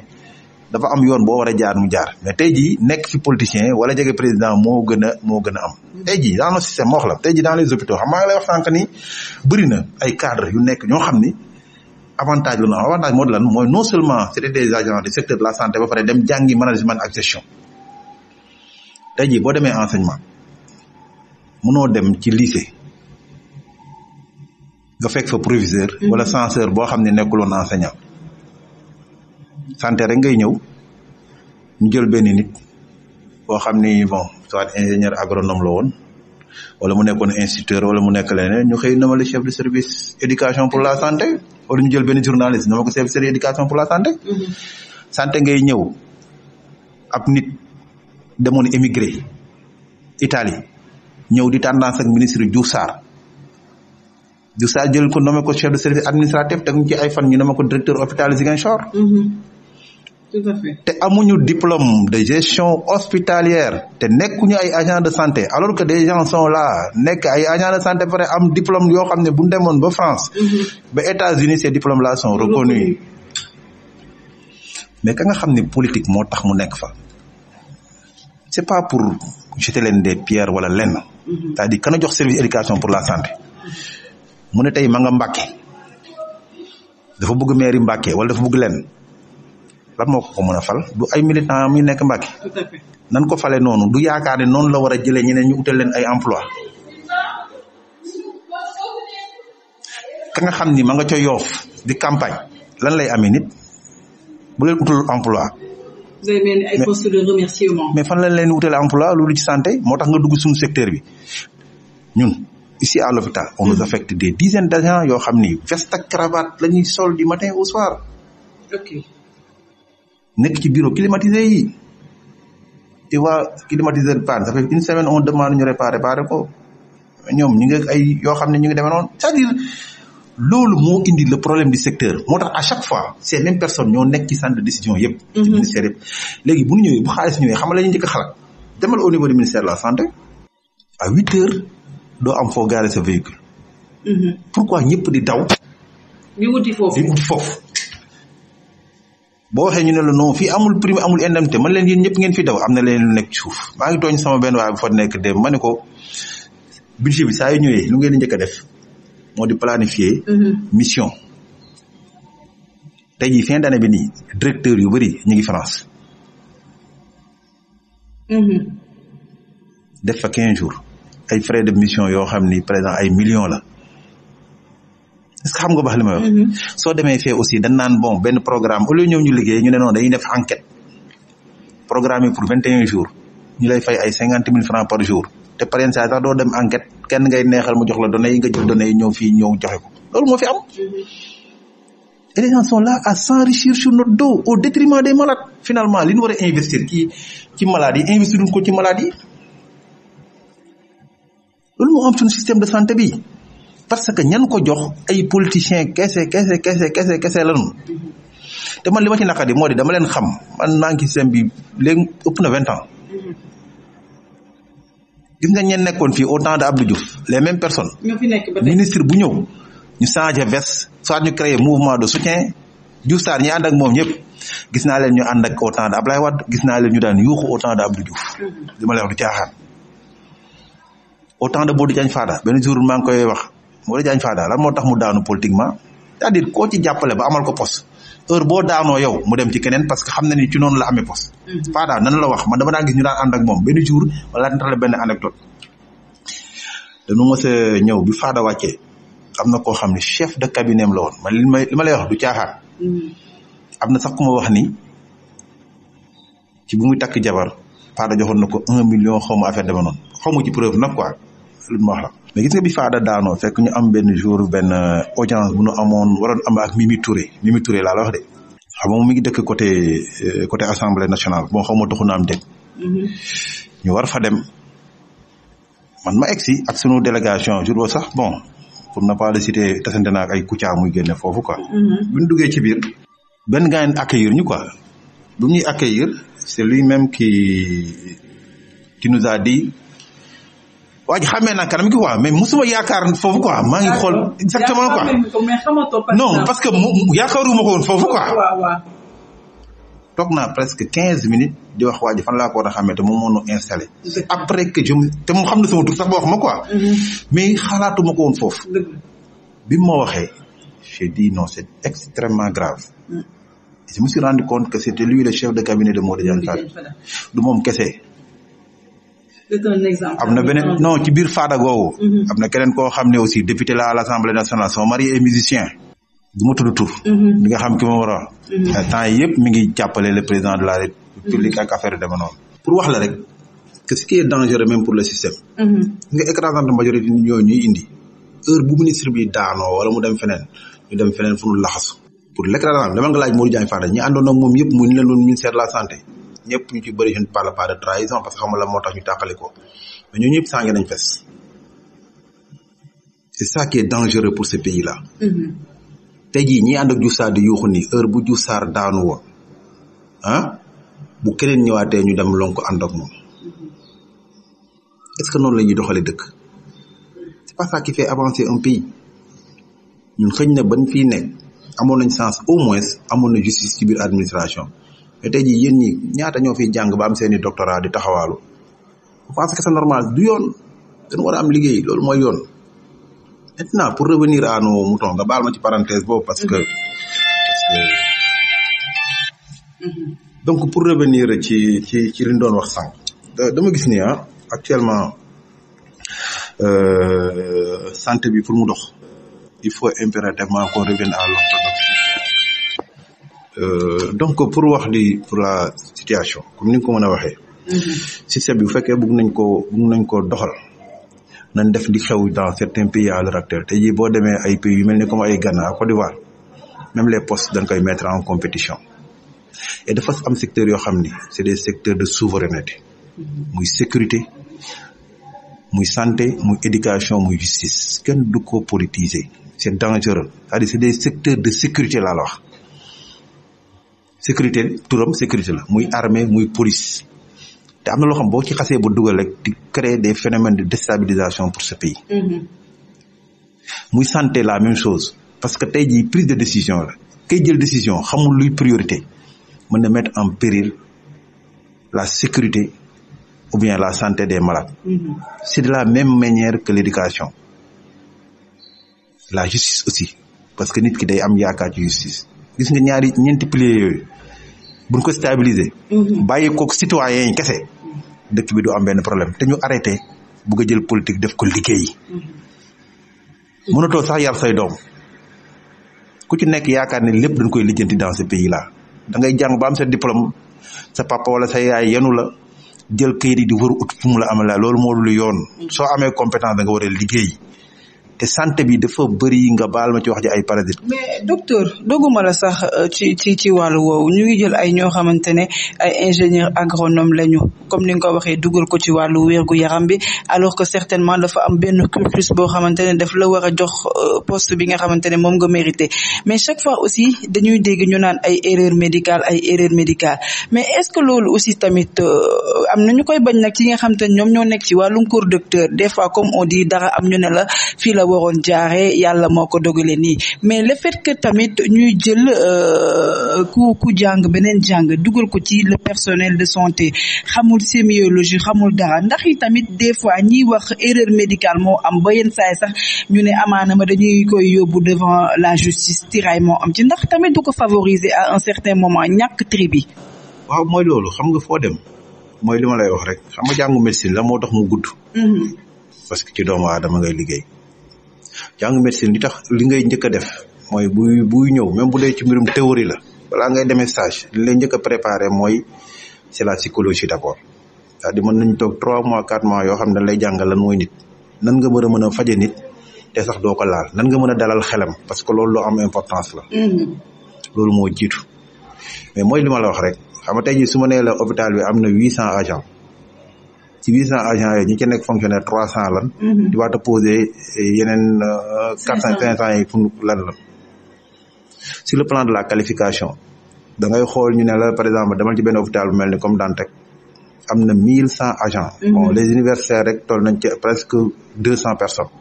dafa am yoon boo war a jaar mu jaar mais tey jii nekk fi politicien wala jege président moo gën a moo gën a am. te jii dans le système moo la tey jii dans les hôpitaux xam maa ngi ni bëri na ay cadre yu nekk ñoo xam ni avantage la am avantage moo di lan mooy non seulement c'était des agents du secteur de la santé ba pare dem jàngi management ak gestion tey jii boo demee enseignement munoo dem ci lycée. nga fekk fa proviseur. Mm-hmm. wala censeur boo xam ne nekkuloon enseignant. santé rek ngay ñëw ñu jël benn nit boo xam ni bon soit ingénieur agronome la woon wala mu nekkoon instituteur wala mu nekk leneen ñu xëy na ma le chef de service éducation pour la santé wala ñu jël benn journaliste na ma ko chef de service éducation pour la santé. Mm-hmm. santé ngay ñëw ab nit demoon émigré Italie ñëw di tendance ak ministre Diouf Sarr Diouf Sarr jël ko nommé ko chef de service administratif teg ñu ay fan ñu nommé ko directeur hôpital Ziguinchor. Mm-hmm. te amuñu diplôme de gestion hospitalière te nekkuñu ay agent de santé alors que des gens sont là nekk ay agent de santé pare am diplôme yoo xam ne bu ñu demoon ba France. Mm-hmm. ba États-Unis ces diplômes là sont reconnus mais ka nga xam ne politique moo tax mu nekk fa c'est pas pour jeter leen des pierres wala lenn. Mm-hmm. c'est-à-dire kana jox service éducation pour la santé mu ne tey ma nga Mbàkke dafa bëgg mairie Mbàkke wala dafa bëgg lenn. lan moo ko ko mën a fal du ay militant mi nekk Mbàkke nan ko fale noonu du yaakaar ne noonu la war a jëlee ñeneen ñu utal leen ay emploi ka nga xam ni ma nga ca yoof di campagne lan lay amee nit bu leen utal emploi mais fan lañ leen utale emploi lu ci santé moo tax nga dugg suñu secteur bi ñun ici à l'hôpital on nous mm. affecte des dizaines d'agents yoo xam ni veste ak lañuy la sol du matin au nekk ci biiro climatisé yi tu vois climatiseur panne ça fait une semaine on demande ñu réparer réparer ko ñoom ñu ngi ay yoo xam ne ñu ngi demee noonu cest dire loolu moo indi le problème du secteur moo tax à chaque fois ces mêmes personnes ñoo nekk ci centre de décision yëpp. ci mhm. ministère yëpp léegi bu ñu ñëwee bu xaalis ñëwee xam nga la ñuy njëkk a demal au niveau du ministère la santé à huit heures doo am foo garer sa véhicule. Mhm. pourquoi ñëpp di daw. di foofu. boo waxee ñu ne la non fii amul prime amul indemnité man leen yéen ñëpp ngeen fi daw am na leen lu nekk ci suuf maa ngi tooñ sama benn waaye bu nekk dem ma ne ko budget bi saa yu ñëwee lu ngeen di njëkk def moo di planifier mhm. mission te jii fin d'année bi nii directeur yu bëri ñu ngi France mhm. def fa quinze jours ay frais de mission yoo xam ni par exemple ay millions la parce que xam nga baax li ma mm-hmm. soo demee fee aussi dañ naan bon benn programme au lieu liggéey ñu ne noonu dañuy def enquête programme yi pour jours ñu lay fay ay cinquante mille francs par jour te parrain saa sax doo dem kenn ngay neexal mu jox la données nga jël données yi ñëw fii ñëw joxe ko loolu moo fi am. et les gens sont là à s'enrichir sur notre dos au détriment des malades finalement li ñu war a investir ci ci malade yi investir ko ci malade yi loolu moo am suñu système de santé bi. parce que ñan ko jox ay politiciens kese kese kese kese kese lanu te man li ma ci naqari moo di dama leen xam man maa ngi système bi léegi ëpp na vingt ans gis nga ñeen nekkoon fii au temps de Abdou Diouf les mêmes personnes. ñoo ministre bu ñëw ñu changé veste soit ñu créé mouvement de soutien Diouf Sarr ñi ànd ak moom ñëpp gis naa leen ñu ànd ak au ab de Ablaye gis naa leen ñu daan yuuxu au temps de Abdou Diouf. Mm-hmm. li ma lay wax du caaxaan. au temps de Bodou Diagne Fada benn jour maa ngi koy wax Modou Diagne Fada lan moo tax mu daanu politiquement c'est-à-dire koo ci jàppale ba amal ko poste heure boo daanoo yow mu dem ci keneen parce que xam na ni ci noonu la amee poste. Mm-hmm. Fada nan la wax ma dama daan gis ñu daan ànd ak moom benn jour wala la benn anecdote dañu mës a ñëw bi Fada wàcce am na koo xam ne chef de cabinet am la woon man ma li ma lay wax du caaxaan. Mm-hmm. am na sax ku ma wax ni ci bu muy takk jabar Fada joxoon na ko un million xaw ma affaire dama noonu xaw ma ci preuve nag quoi mais gis nga bi faada daanoo fekk ñu am benn jour benn euh, audience bu nu amoon waroon am ak mi Touré Mimi Touré laa la wax de mi ngi dëkk côté euh, côté assemblée nationale bon xaw ma taxu na am mm-hmm. ñu war fa dem man ma egsi ak sunu délégation jour ba sax bon pour ne pas le citer tasante naa ay Kouthia muy génne foofu quoi. Mm-hmm. bu ñu duggee ci biir. benn gars yi accueillir ñu quoi bu ñuy accueillir c'est lui-même qui qui nous waaj xamee xàmmee naa kanam gi quoi mais mosuma yaakaar foofu quoi maa ngi xool. exactement quoi non parce que mu yaakaaruma ko woon foofu quoi. toog naa presque quinze minutes di wax waa ji fan laa ko war a xamee te moom moo ñu installé. après que je me te moom xam na sama tur sax ba wax ma quoi. Mm-hmm. mais xalaatuma ko woon foofu. bi mu waxee j'ai dit non c'est extrêmement grave. Mm. je me suis rendu compte que c'était lui le chef de cabinet de Modou Diagne du moom kese. am na beneen non biir faada googu mm-hmm. am na keneen koo xam ne aussi député la à l'Assemblée nationale son mari est musicien du ma tudd tur di mm-hmm. nga xam ki ma war a wax temps ngi jàppale le président de la république ak affaire deme noonu pour wax rek que ce qui est dangereux même pour le système mm-hmm. nga écrasante majorité ñooñu indi heure bu ministre bi daanoo wala mu dem feneen ñu dem feneen fu nu laxasu pour l'écrasante dama nga laaj Modou Diagne Fada ñi àndoon ak moom ñëpp ñu ci bëri je ne parle pas de trahison parce que xam moo tax ñu tàqale ko mais ñun ñëpp sànge nañ fes c'est ça qui est pour ce pays là. Mm-hmm. tey jii ñi ànd ak Diouf Sarr di yuuxu ni heure bu Diouf Sarr daanu wo ah bu keneen ñëwaatee ñu dem lonku ko ànd ak moom mm-hmm. est ce que noonu la ñuy doxalee dëkk parce que ça qui fait avancer un pays ñun xëñ na bañ fii nekk amoon nañ sens au moins amoon na justice ci biir administration. mais tey jii yéen ñi ñaata ñoo fi jàng ba am seen doctorat di taxawaalu je pense que c'est normal du yoon dañu war am liggéey loolu mooy yoon maintenant pour revenir à nos moutons nga baal ma ci parenthèse boobu parce que donc pour revenir ci ci ci li doon wax sànq euh, dama gis ni ah actuellement euh, santé bi pour mu dox il faut impérativement qu'on revienne à l'orthodoxie Euh, donc pour wax li pour la situation comme ni nga ko mën a waxee. Mm-hmm. système bi bu fekkee bëgg nañ koo bëgg nañ koo doxal. nan def di xew dans certains pays à l'heure actuelle te jii boo deme ay pays yu mel ni comme ay Ghana Côte d'Ivoire même les post dañ koy mettre en compétition et dafa am secteur yoo xam ni c'est des secteurs de souveraineté mm-hmm. muy sécurité muy santé muy éducation muy justice kenn du ko politiser c'est dangereux cest à c'est des secteurs de sécurité laa la wax sécurité turam sécurité la muy armée muy police te am na loxom xam boo ci xasee bu dugal rek di créer des phénomènes de déstabilisation pour ce pays. Mm-hmm. muy santé la même chose parce que tey jii prise de décision la kay jël décision xamul luy priorité mën na mettre en péril la sécurité ou bien la santé des malades. Mm-hmm. c'est de la même manière que l'éducation la justice aussi parce que nit ki day am yaakaar ci justice. gis nga ñaari ñeenti piliers yooyu buñ ko stabiliser. Mhm. bàyyi kook citoyen yi kese dëkk bi du am benn problème te ñu arrêté bugg a jël politique def ko liggéey. Mhm. mënatoo sax yar say doom ku ci nekk yaakaar ne lépp dañ koy lijjanti dans ce pays là da ngay jàng ba am sa sa papa wala sa yaay yenu la jël këyit yi di wër ut fu mu la amee la loolu moo dul yoon. Mhm. soo amee compétence da nga war liggéey. te santé bi dafa bëri nga baal ma ci wax ji ay paradis. mais docteur doguma la sax euh, ci ci ci wàllu woowu ñu ngi jël ay ñoo xamante ne ay ingénieur agronome lañu comme ni nga ko waxee dugal ko ci wàllu wérgu yaram bi alors que certainement dafa am benn cursus boo xamante ne daf la war a jox euh, poste bi nga xamante ne moom nga mérité mais chaque fois aussi dañuy dégg ñu naan ay erreur médicale ay erreur médicale mais est-ce que loolu aussi tamit euh, am na ñu koy bañ nag ci nga xamante ne ñoom ñoo nekk ci wàllum cour docteur des fois comme on dit am ñu ne la fii waroon jaare yàlla moo ko dogale nii mais le fait que tamit ñuy jël euh, ku ku jàng beneen jàng dugal ko ci le personnel de santé xamul sémiologie xamul dara ndax yi tamit des fois ñiy wax erreur médicale moo am ba yenn saay sax ñu ne amaana ma dañuy koy yóbbu devant la justice tiraay moo am ci ndax tamit du ko favoriser à un certain moment ñàkk tri bi waaw mooy loolu xam nga foo dem mooy li ma lay wax rek xam nga jàngu médecine la moo tax mu gudd mm-hmm. parce que ci doomu aadama jàng médecine li tax li ngay njëkk a def mooy buy buy ñëw même bu dee ci mbirum théorie la balaa ngay demee stage li lay njëkk a préparé mooy c'est la psychologie d'abord c'est-à-dire mën nañ toog trois mois quatre mois yoo xam ne lay jàngal lan mooy nit nan nga mën a mën a faje nit te sax doo ko laal nan nga mën a dalal xelam parce que loolu loo am importance la mm-hmm. loolu moo jiitu mais mooy li ma la wax rek xam nga tey jii su ma nee la hôpital bi am na huit cent agents ci huit cent agents yooyu ñu ci nekk fonctionnaire trois cent lan mm-hmm. di waat yeneen euh, quatre cent cinq cent yi pour lan la sur le plan de la qualification da ngay xool ñu ne la par exemple demal ci benn hôpital bu mel ni comme Dantec am na mille cent agents mm-hmm. bon les universitaires rek toll nañ ci presque deux cent personnes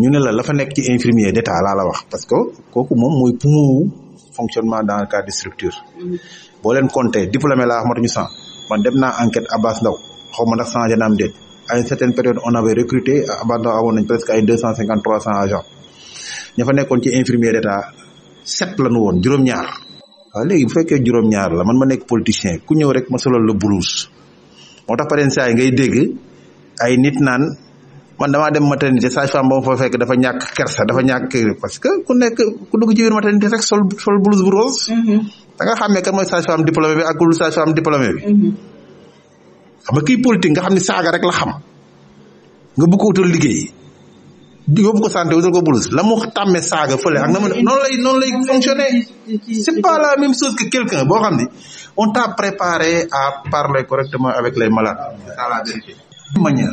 ñu ne la la fa nekk ci infirmier d'état laa la wax parce que kooku moom mooy poumon fonctionnement dans le structure mm-hmm. boo leen compté diplômé laa wax matuñu cent man dem naa enquête Abbas Ndao xaw ma nag changé na am déet à une certaine période on avait recruté Abbas Ndao amoon nañ presque ay deux fa nekkoon ci infirmier d'état sept la ñu woon juróom-ñaar waaw léegi bu fekkee juróom-ñaar la man ma nekk politicien ku ñëw rek ma solal la blouse moo tax pareen saa yi ngay dégg ay nit naan man damaa dem maternité sage-femme ba ma fa dafa ñàkk kersa dafa ñàkk parce que ku nekk ku dugg ci biir maternité rek sol sol blouse bu rose. Mm-hmm. da nga xàmmee kan mooy sage diplômé bi ak mm-hmm. nga kii politique nga xam ni saaga rek la xam nga bëgg ko utal liggéey yóbbu ko santé utal ko blouse la mu tàmmee saaga fële ak na ma noonu lay noonu lay fonctionner c'est pas la même chose que quelqu'un boo xam ni on t'a préparé a parler correctement avec les malades la vérité de manière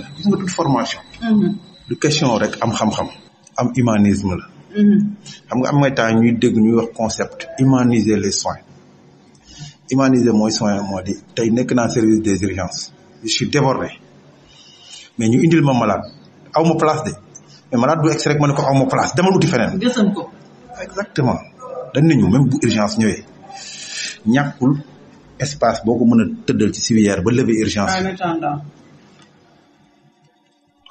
formation mm-hmm. du question rek am xam-xam am humanisme la mm-hmm. xam nga am ngay temps ñuy dégg ñuy wax concept humaniser les soins humaniser mooy soin moo di tey nekk naa service des urgences je suis débordé mais ñu indil ma malade aw ma place de mais malade bu ex rek ma ne ko aw ma place demal uti feneen exactement dañ nañu même bu urgence ñëwee ñàkkul espace boo ko mën a tëddal ci civière ba lever urgence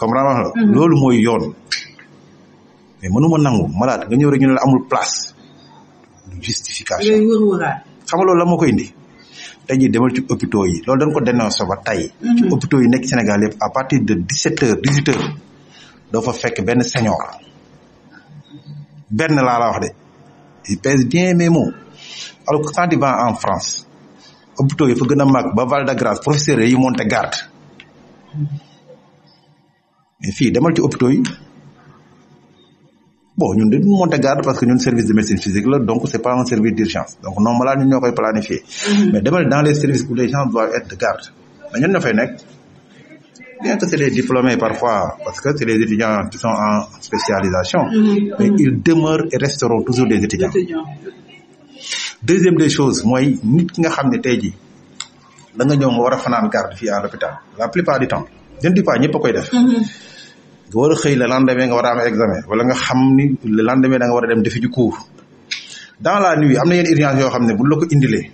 comprendre nga mhm. loolu mooy yoon. mais mënu ma nangu malade nga ñëw rek ñu la amul place du justification. xam nga loolu la moo koy indi. tey jii demal ci hôpitaux yi loolu dañ ko dénoncé soba tey. Mhm. ci hôpitaux yi nekk Sénégal yëpp à partir de 17h 18h doo fa fekk benn senior benn laa la wax de il pèse bien mes mots alors que quand en France hôpitaux yi fa gën a mag ba Val de Grâce professeur yi monte garde. Mhm. mais fii demal ci hôpitaux yi bon ñun dañu monter garde parce que ñun service de médecine physique la donc c' est pas un service d' donc non malade ñun ñoo koy planifier. Mm-hmm. mais demal dans les services où les gens doivent être de garde mais ñun ñoo fay nekk bien parce que c' est des étudiants qui sont en spécialisation. Mm-hmm. mais toujours des étudiants. deuxième des choses mooy nit ki nga xam ne tey jii da nga ñëw nga war a fanaan garde fii à l'hôpital la plupart du temps je pas ñëpp koy def. Mm-hmm. nga war a xëy le nga war examen wala nga xam ni le lendemain da nga war dem defi ci dans la nuit am na yenn urgence yoo xam ne bu la ko indilee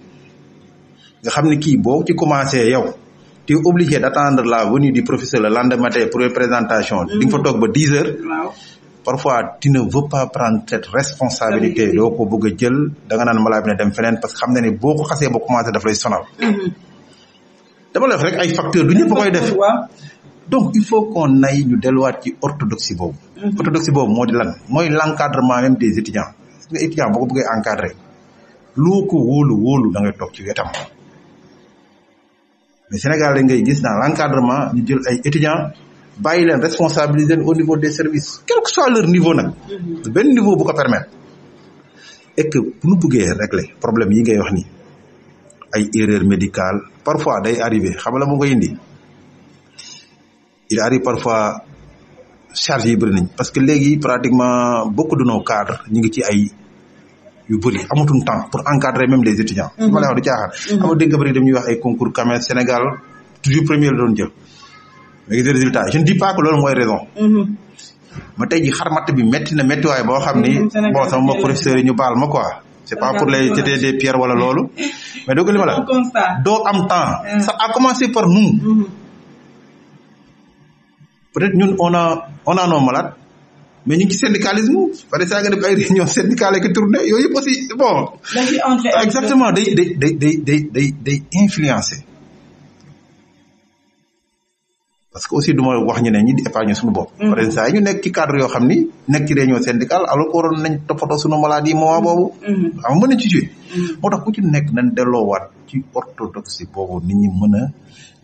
nga xam ne kii boo ci commencé yow tu es da d' attendre la venue di professeur le lendemain matin pour une présentation di nga fa toog ba dix heures parfois tu ne veux pas prendre cette responsabilité doo ko bëgg jël danga naan malaa bi dem feneen parce que xam na ne boo ko xasee bo commencé daf lay sonal mhm. dama la wax rek ay facteur du ñëpp koy def donc il faut qu'on aille ñu delluwaat ci orthodoxie boobu. Mhm. orthodoxie boobu moo di lan mooy l'encadrement même des étudiants nga étudiant boo ko bëggee encadrer loo ko wóolu wóolu da ngay toog ci wetam. mais Sénégal da ngay gis dans l'encadrement ñu jël ay étudiants bàyyi leen responsabiliser au niveau des services quel soit leur niveau nag. Mhm. benn niveau bu ko permettre. et que bu ñu bëggee problème yi ngay wax nii ay erreurs médicales parfois day arrivé xam nga la moo koy indi. il arrive parfois charges yi parce que léegi pratiquement beaucoup de nos cadres ñu ngi ci ay yu bëri amatuñ temps pour encadrer même les étudiants. li mhm. ma la wax du caaxaan. Mhm. amul dégg nga bëri dem ñuy wax ay concours CAMES Sénégal toujours premier la doon jël mais gis résultat je ne dis loolu mooy raison. Mhm. ma tey ji xarmat bi métti na méttiwaay boo xam ni bon sama mbokk ñu baal ma quoi c'est pas pour les jeter des pierres wala loolu mais doo ko li peut-être ñun on a on a mais ñu ci syndicalisme pare saa nga def ay réunion syndicale ak tournée yooyu yëpp aussi bon. exactement day day day day day day influencer. parce que aussi duma wax ñu ne ñi di épargne suñu bo mm-hmm. par exemple saa ñu nekk ci cadre yoo xam ni nekk ci réunion syndicale alors que waroon nañ toppatoo suñu maladie moment boobu. xam mm-hmm. nga ah, mën nañ ci jouer. Mm-hmm. moo tax ku ci nekk nañ delloowaat ci orthodoxie boobu nit ñi mën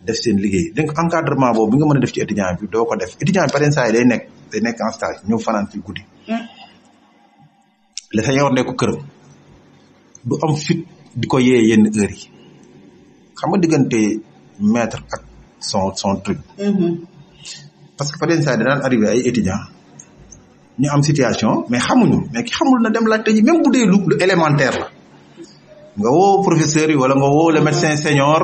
def seen liggéey donc encadrement boobu nga mën a def ci étudiant bi doo ko def étudiant bi par exemple day nekk day nekk en stage ñëw fanaan fi guddi. la sa yor nekk këram du am fit di ko yee yenn heures yi xam nga diggante maître ak son son truc. Hmm. parce que par exemple danaan arrivé ay étudiants ñu am situation mais xamuñu mais ki xamul na dem laajte ji même bu dee lu lu élémentaire la nga woo professeur yi wala nga woo le médecin senior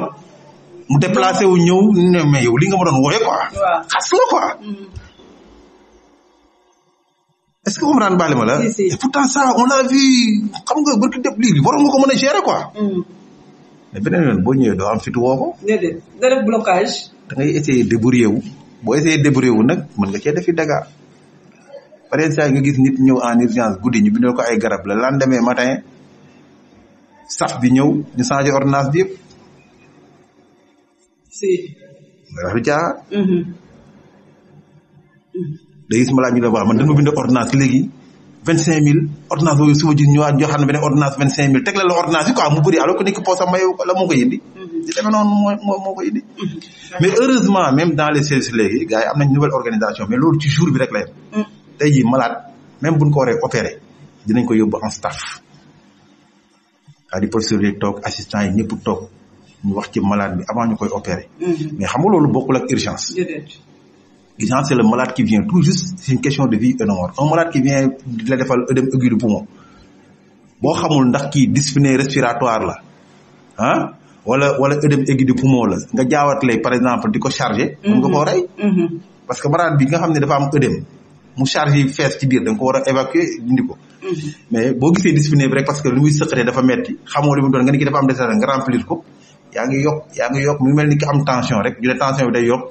mu déplacé wu ñëw ne mais yow li nga ma doon wooye quoi. xas la quoi. Mm-hmm. est ce que comprendre baale ma la. et pourtant ça on a vu xam nga barki def lii waroon a gérer quoi. Mm-hmm. mais beneen yoon boo ñëwee doo am fitu woo ko. déedéet da def blocage. da ngay essayer débrouiller wu boo essayer débrouiller wu nag mën nga cee defi daga. par exemple nga gis nit ñëw en urgence guddi ñu bindal ko ay garab la lendemain matin saf bi ñëw ñu changé ordonnance bi yëpp. si. mooy wax bi caaxaan. day gis ma laaj ñu la wax man dañ bind ordonnance léegi vingt cinq mille ordonnance boobu su ma gis ñu waat ñu xam ne beneen ordonnance vingt cinq mille teg la la ordonnance yi quoi mu bëri alors que nekk poosam mayu la ko indi. Mhm. di demee noonu moo moo mhm. mais heureusement même dans les services léegi gars yi am nañ nouvelle organisation mais loolu ci jour bi rek la yem. Mhm. tey jii malade même buñ ko waree opéré dinañ ko yob en staff. c'est-à-dire yi toog assistant yi ñëpp toog. mu wax ci malade bi avant ñu koy opérer. Mm-hmm. mais xam nga loolu bokkul ak urgence. urgence c'est le malade ki vient tout juste c'est une question de vie et de mort un malade qui vient la defal œdème aigu du poumon boo xamul ndax kii dyspnée respiratoire la ah wala wala œdème aigu du poumon la nga jaawatlee par exemple di ko chargé. mën nga koo mm-hmm. rey. Mm-hmm. parce que malade bi nga xam ne dafa am œdème mu chargé fees ci biir da ko war a évacuer dindi ko. mais boo gisee dyspnée bi rek parce que lu muy secret dafa metti xamoo li mu doon nga ni am désert nga remplir ko. yaa ngi yokk yaa ngi yokk mu mel ni ki am tension rek ñu ne tension bi day yokk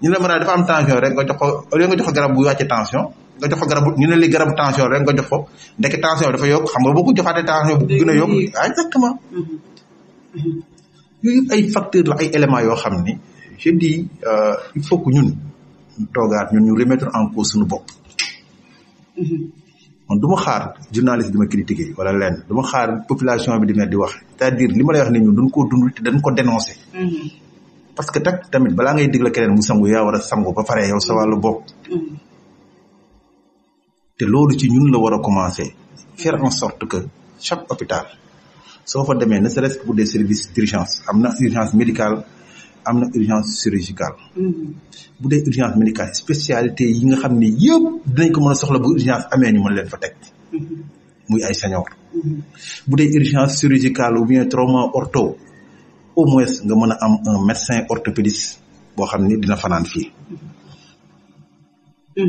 ñu ne la mën dafa am tension rek nga jox ko au lieu nga jox garab bu wàcce tension nga jox ko garab ñu ne li garab tension rek nga jox ko ndekki tension bi dafa yokk xam nga boo ko joxaatee tension bu gën a yokk ah, exactement mm-hmm. yooyu ay facteur la ay éléments yoo xam ne je dis euh, il faut que ñun toogaat ñun ñu remettre en cause suñu bopp mm-hmm. man ma xaar journaliste di ma critiquer wala leen du ma xaar population bi di ma di wax c'est-à-dire li ma lay wax ne ñun duñ ko dund te dañ ko dénoncer. Mm-hmm. parce que tak tamit balaa ngay digle keneen mu sangu yaa wara a sangu ba pare yow sa wàllu bopp. Mm-hmm. te loolu ci ñun la war a commencer faire en sorte que chaque hôpital soo fa demee ne serait-ce que des services d'urgence am na urgence médicale. am na urgence chirurgicale. Mm-hmm. bu dee urgence médicale spécialité yi nga xam ne yëpp dinañ ko mën a soxla bu urgence amee ñu mën leen fa teg. Mm-hmm. muy ay senior. Mm-hmm. bu dee urgence chirurgicale ou bien trauma ortho au moins nga mën a am un médecin orthopédiste boo xam ni dina fanaan fii.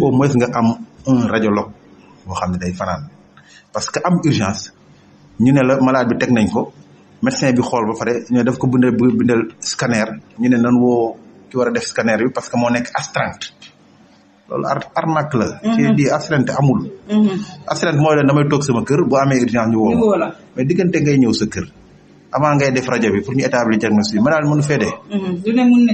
au moins nga am un radiologue boo xam ne day fanaan parce que am urgence ñu ne la malade bi teg nañ ko médecin bi xool ba pare ñoo def ko bindal bindal scanner ñu ne nan woo ki war a def scanner bi parce que moo nekk astreinte loolu ar arnaque la. ci mhm. di astreinte amul. Mhm. astreinte mooy na may toog sama kër boo amee urgence ñu woo la mais diggante ngay ñëw sa kër avant ngay def rajo bi pour ñu établir diagnostic bi ma daal mënu fee dee. Mhm. lu ne mën na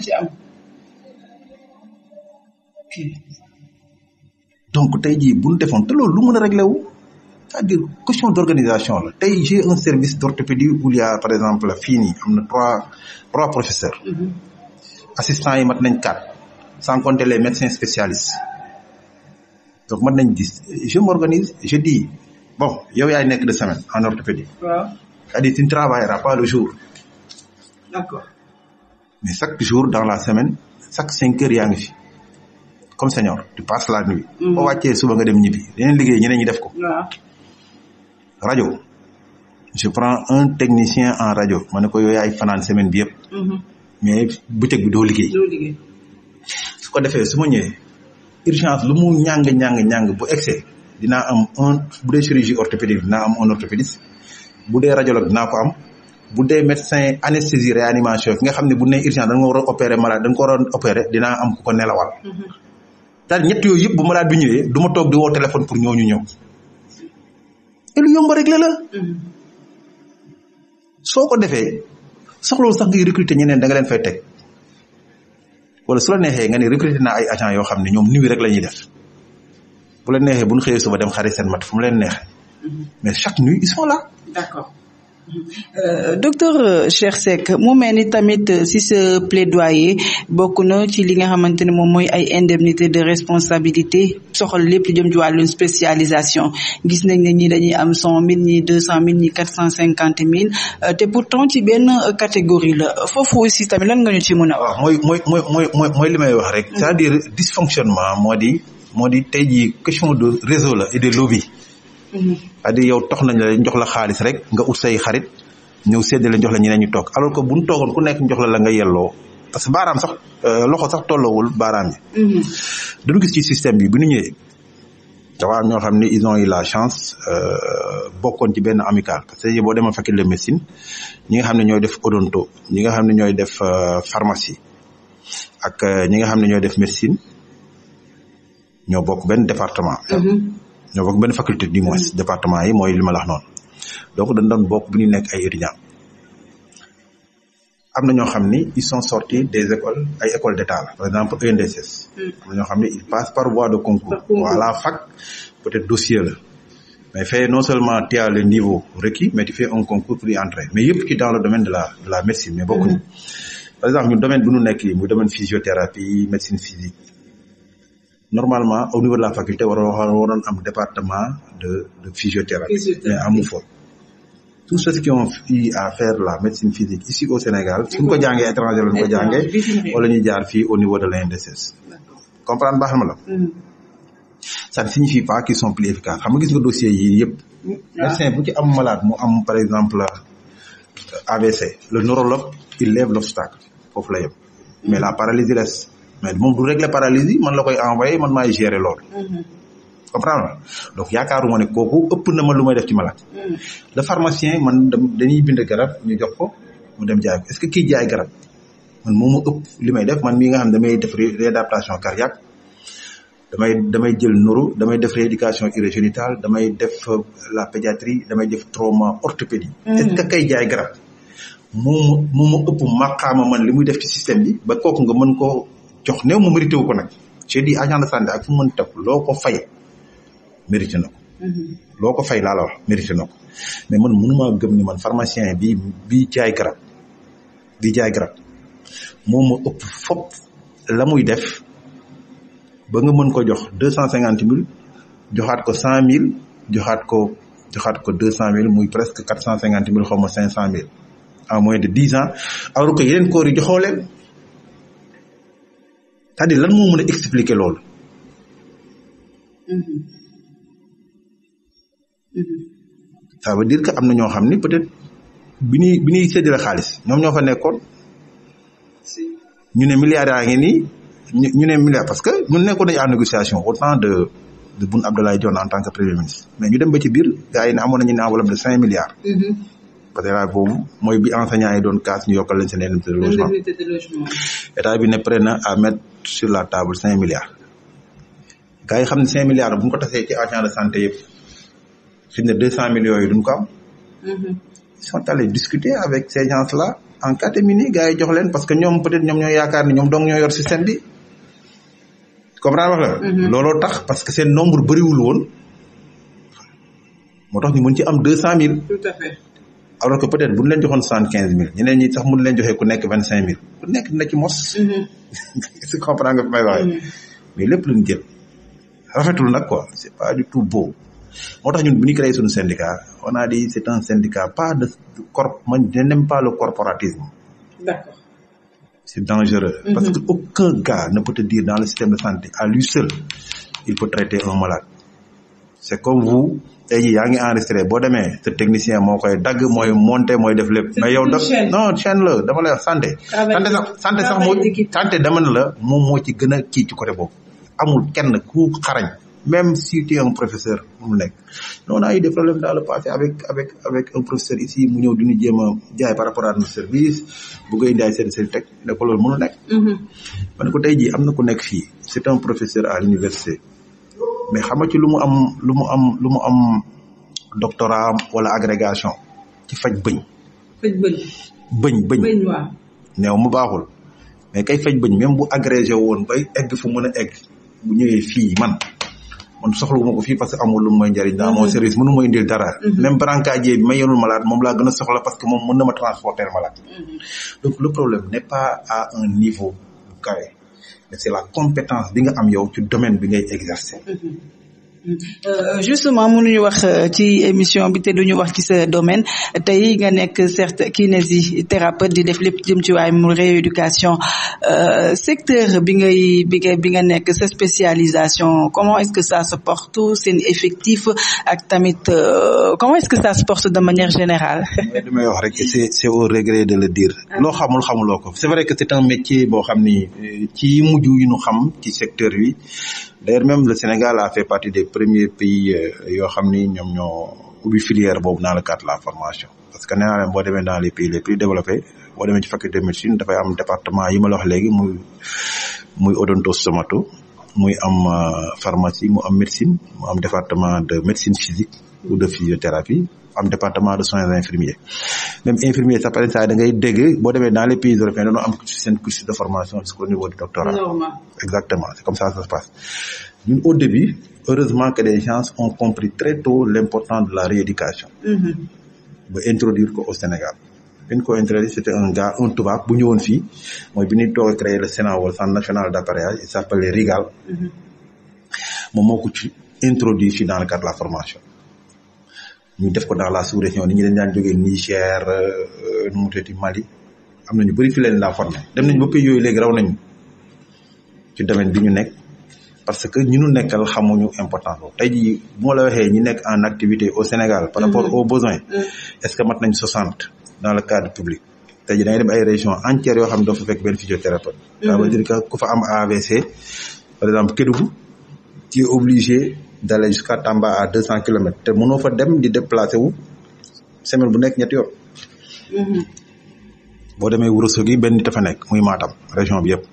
donc tey jii bu ñu defoon te loolu lu mën a réglé wu. c'est-à-dire question d'organisation la tey j'ai un service d'orthopédie où il y par exemple fii nii am na trois trois professeurs mm-hmm. assistant yi mat nañ quatre sans compter les médecins spécialistes donc mat nañ dix je m'organise je di bon yow yaay nekk de semaine en orthopédie waaw c'est-à-dire tu ne travailleras pas le jour d'accord mais chaque jour dans la semaine chaque cinq heures yaa ngi fi comme senior tu passes la nuit mm-hmm. boo wàccee suba nga dem ñibbi leneen liggéey ñeneen ñi def ko rajo je prends un technicien en rajo ma ne ko yow yaay fanaan semaine bi yëpp. Mhm. mais boutique bi doo liggéey. su ko defee su ma ñëwee urgence lu mu ñàng ñàng ñàng bu excès dina am un bu dee chirurgie orthopédique am un orthopédiste bu dee radiologue dinaa ko am. bu dee médecin anesthésie réanimation fi nga xam ne bu ne urgence dañ ko war a opérer malade dañ ko war a am ku ko nelawal. Mhm. daal ñett yooyu yëpp bu malade bi ñëwee du ma toog di woo téléphone pour ñooñu ñëw. te lu yomb réglé la. Mm-hmm. soo ko defee soxlawul sax ngay recruter ñeneen da nga leen fay teg wala su la neexee nga ne recruter naa ay agent yoo xam ne ñoom nii rek la ñuy def bu la neexee bu ñu xëyee suba dem xari seen mat fu mu leen neexee mm-hmm. mais chaque nuit ils sont Euh, docteur euh, Cheikh Seck mu mel ni tamit euh, si sa plaidoyer bokk na ci li nga xamante ne moom mooy ay indemnité de responsabilité soxal lépp lu jëm ci wàllu spécialisation gis nañ ne ñi dañuy am cent mille ñi deux cent mille ñi quatre cent cinquante mille te pourtant ci benn catégorie la foofu si tamit lan nga ñu ci mën a. waaw mooy mooy mooy mooy mooy li may wax rek. Mm. c'est-à-dire dysfonctionnement moo di moo di tey jii question de réseau la et de lobby. c'est-à-dire yow tox nañ la jox la xaalis rek nga ut say xarit ñëw séddale jox la ñeneen ñu toog alors que buñ toogoon ku nekk jox la la nga yelloo parce que baaraam sax euh, loxo sax tolloowul baaraam yi. Mm-hmm. duñu gis ci système bi bu nu ñëwee dafa am ñoo xam ne ils ont eu la chance euh, bokkoon ci benn amical parce boo demoon faculté de médecine ñi nga xam ne ñooy def odonto ñi nga xam ne ñooy def euh, pharmacie ak ñi nga xam ne ñooy def médecine ñoo bokk benn département. Mm-hmm. ñoo bokk benn faculté du moins mm. département yi mooy li ma la wax noonu donc dañ doon bokk bu ñu nekk ay étudiants am na ñoo xam ni ils sont sortis des écoles ay écoles d'état par exemple ENDSS. Mm. am na ñoo xam ni ils passent par voie de concours. à la fac peut-être dossier la mais fait non seulement tu as le niveau requis mais tu un concours pour y entrer mais yëpp ki dans le domaine de la de la médecine mais bokkuñu. Mm. par exemple ñun domaine bu ñu nekk yi muy domaine physiothérapie médecine normalement au niveau de la faculté waroon waroon am département de de physiothérapie. mais amu fa. tous ceux qui ont eu à faire la médecine physique ici au Sénégal suñ ko jàngee étranger lañ ko jàngee. wala ñu jaar fii au niveau de l'INDSS. comprendre baax na la. Hmm. ça ne signifie pas qu'ils sont plus efficaces xam nga gis nga dossier yi yëpp. Hmm, ah. médecin bu ci am malade mu am par exemple AVC. le neurologue il lève l'obstacle foofu la yem mais la paralysie mais moom du régler paralysie man la koy envoyé man maay gérer loolu. Mhm. comprendre nga donc yaakaaruma ne kooku ëpp na ma lu may def ci malade. Mhm. le pharmacien man dañuy bind garab ñu jox ko mu dem jaay ko ce que kii jaay garab man moom ëpp li may def man mii nga xam damay def réadaptation cardiaque damay damay jël neuro damay def rééducation damay def euh, la pédiatrie damay def trauma orthopédie. Mhm. est-ce que kay jaay garab moom mu moom mu ëpp maqaama man li muy def ci système bi ba kooku nga mën ko jox néew mu mérité wu ko nag j'ai dit agent de santé ak fu mu mën teg loo ko fay mérité na ko. Mhm. loo ko fay laa la wax mérité na ko mais man mënumaa gëm ni man pharmacien bi bi jaay garab bi jaay garab moom ma ëpp fop la muy def ba nga mën ko jox deux cent cinquante mille joxaat ko cent mille joxaat ko joxaat ko deux cent mil muy presque quatre cent cinquante mille xaw ma cinq cent mille en moins de dix ans alors que yeneen koor yi joxoo c'est-à-dire lan moo mën a expliquer loolu. Mm-hmm. Mm-hmm. veut dire que am na ñoo xam ni peut-être bi ñuy bi ñuy séddale xaalis ñoom ñoo fa nekkoon ñu ne yaa ngi ni ñu ñu ne milliard parce que ñun nekkoon nañu en négociation au temps de de Boun Abdallah en tant que premier ministre mais ñu dem ba ci biir gars yi ne amoon nañu ne enveloppe de cinq milliards. parce que état bi enseignants yi doon kaas ñu yokkal leen seen indemnité de logement. indemnité de logement. sur la table cinq milliards gars yi xam ne cinq milliards bu ñu ko tasee ci agent de santé yëpp xëy na deux cent millions yi duñ ko am. Mm-hmm. ils sont allés discuter avec ces gens là en catimini gars yi jox leen parce que ñoom peut être ñoom ñoo yaakaar ni ñoom dong ñoo yor système bi. comprendre wax mm-hmm. looloo tax parce que seen nombre bëriwul woon moo tax ñu mën ci am deux cent mille. alors que peut-être bu ñu leen joxoon soixante quinze mille ñeneen ñi sax mun leen joxee ku nekk vingt cinq mille ku nekk dina ci si mhm. comprendre nga fi may waxee. Mhm. mais lépp luñ jël rafetul nag quoi c'est pas du tout beau. moo tax ñun bu ñu créé suñu syndicat on a dit c'est un syndicat pas de corp man je n'aime pas le corporatisme. d'accord. c'est dangereux. Mhm. parce que aucun gars ne peut dire dans le système de santé à lui seul il peut traiter un malade. c'est comme vous tey jii yaa ngi enregistré boo demee sa technicien moo koy dagg mooy monté mooy def lépp. mais yow da non chaîne la dama lay wax santé. santé sax santé sax moo santé dama la moom moo ci gën a kii ci côté boobu. amul kenn ku xarañ même si tu es un professeur mu nekk on a eu des problèmes dans le passé avec avec avec un professeur ici mu ñëw duñu jéem a jaay par rapport à nos services bu koy jaay seen seen teg ne ko loolu mënu nekk. Mhm. man ko tey jii am na ku nekk fii c'est un professeur à mais xam nga ci lu mu am lu mu am lu mu am doctorat wala agrégation ci faj bëñ. faj bëñ. bëñ bëñ bëñ mu baaxul mais kay faj bëñ même bu agrégé woon bay egg fu mën a egg bu ñëwee fii man man soxlawuma ko fii parce que amul lu may njëriñ. daa amoo mm-hmm. service mënu ma indil dara. Mm-hmm. même brancardier bi ma yenul malade moom laa gën a soxla parce que moom mën na ma transporter malade. Mm-hmm. donc le problème ne pas a un niveau mais c'est la compétence bi nga am yow ci domaine bi ngay exercer mm-hmm. Euh, justement mënuñu wax euh, ci émission bi te duñu wax ci sa domaine tey nga nekk certes kinésithérapeute di def lépp jëm ci wàllum rééducation euh, secteur bi ngay bi nga bi nga nekk sa spécialisation comment est-ce que ça se porte seen effectif ak tamit comment est-ce que ça se porte de manière générale. li may wax rek c'est c'est au regret de le dire. loo xamul xamuloo ko c'est vrai que c'est un métier boo xam ni ci mujj yu nu xam ci secteur bi. d'ailleurs même le Sénégal a fait partie des premiers pays euh, yoo xam ni ñoom ñoo ubbi filière boobu dans le cadre la formation parce que nee naa leen boo demee dans les pays les plus développés boo demee ci faculté de médecine dafay am département yi ma la wax léegi muy muy odontostomato muy am euh, pharmacie mu am médecine mu am département de médecine physique ou de physiothérapie am département de soins infirmiers même infirmier sax par exemple da ngay dégg boo demee dans les pays européens dañoo am seen cursus de formation jusqu'au niveau du doctorat comme ça au début heureusement que des gens ont compris très tôt l'importance de la rééducation mm-hmm. ba introduire ko au Sénégal biñ ko introduire c'était un gars un tubaab bu ñëwoon fii mooy bi ñuy toog a créer le Sénat wala national d'appareillage il s'appelait Rigal mm-hmm. moom moo ko ci introduire fii dans le cadre la formation ñu def ko dans la sous-région ni ñu leen daan jógee Niger euh, nu mu tuddati Mali am nañu bëri fi leen laa formé dem nañ ba pays yooyu léegi raw nañu ci domaine bi ñu nekk parce que ñu ñu nekkal xamuñu importance boobu tey jii bu ma la waxee ñi nekk en activité au Sénégal par rapport mm-hmm. aux besoins mm-hmm. est-ce que mat nañ soixante dans le cadre public tey jii da ngay dem ay région entière yoo xam ne doo fa fekk benn physiothérapeute mm-hmm. ça veut dire que fa am AVC par exemple Kédougou tu es obligé dalee jusqu'à Tamba à deux cent kilomètres te mënoo fa dem di déplacé wu semaine bu nekk ñetti yoon. Mhm. boo demee Ourossogui benn nit dafa nekk muy Matam région bi yëpp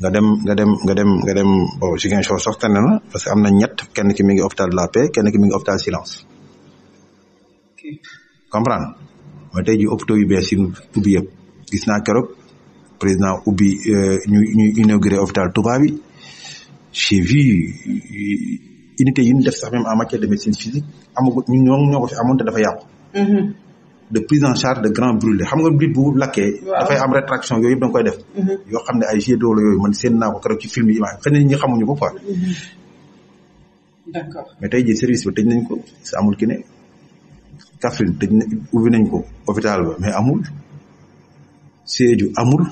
nga dem nga dem nga dem nga dem bon Ziguinchor sax tane na parce que am na ñett kenn ki mi ngi hôpital de la paix kenn ki mi ngi hôpital silence. comprendre ma tey ji hôpitaux yu bees yi ubbi yëpp gis naa keroog président ubbi euh, ñu ñu inauguré hôpital Touba bi. j'ai vu euh, unité yi ñu def sax même en de médecine physique amagu ñu ñoo ñoo ko fi amoon te dafa yàqu. Mm-hmm. de prise en charge de grands brûlés xam nga brûlé bu lakkee. dafay am rétraction yooyu yëpp da koy def. Mm-hmm. yoo xam ne ay jets d'eau la yooyu man seen naa o keroog ci film yi waaye xëy na ñi xamuñu ko mm-hmm. service ba tëj nañ ko sa amul ki ne Kaffrine tëj na ubbi nañ ko hôpital ba mais amul Sédhiou amul.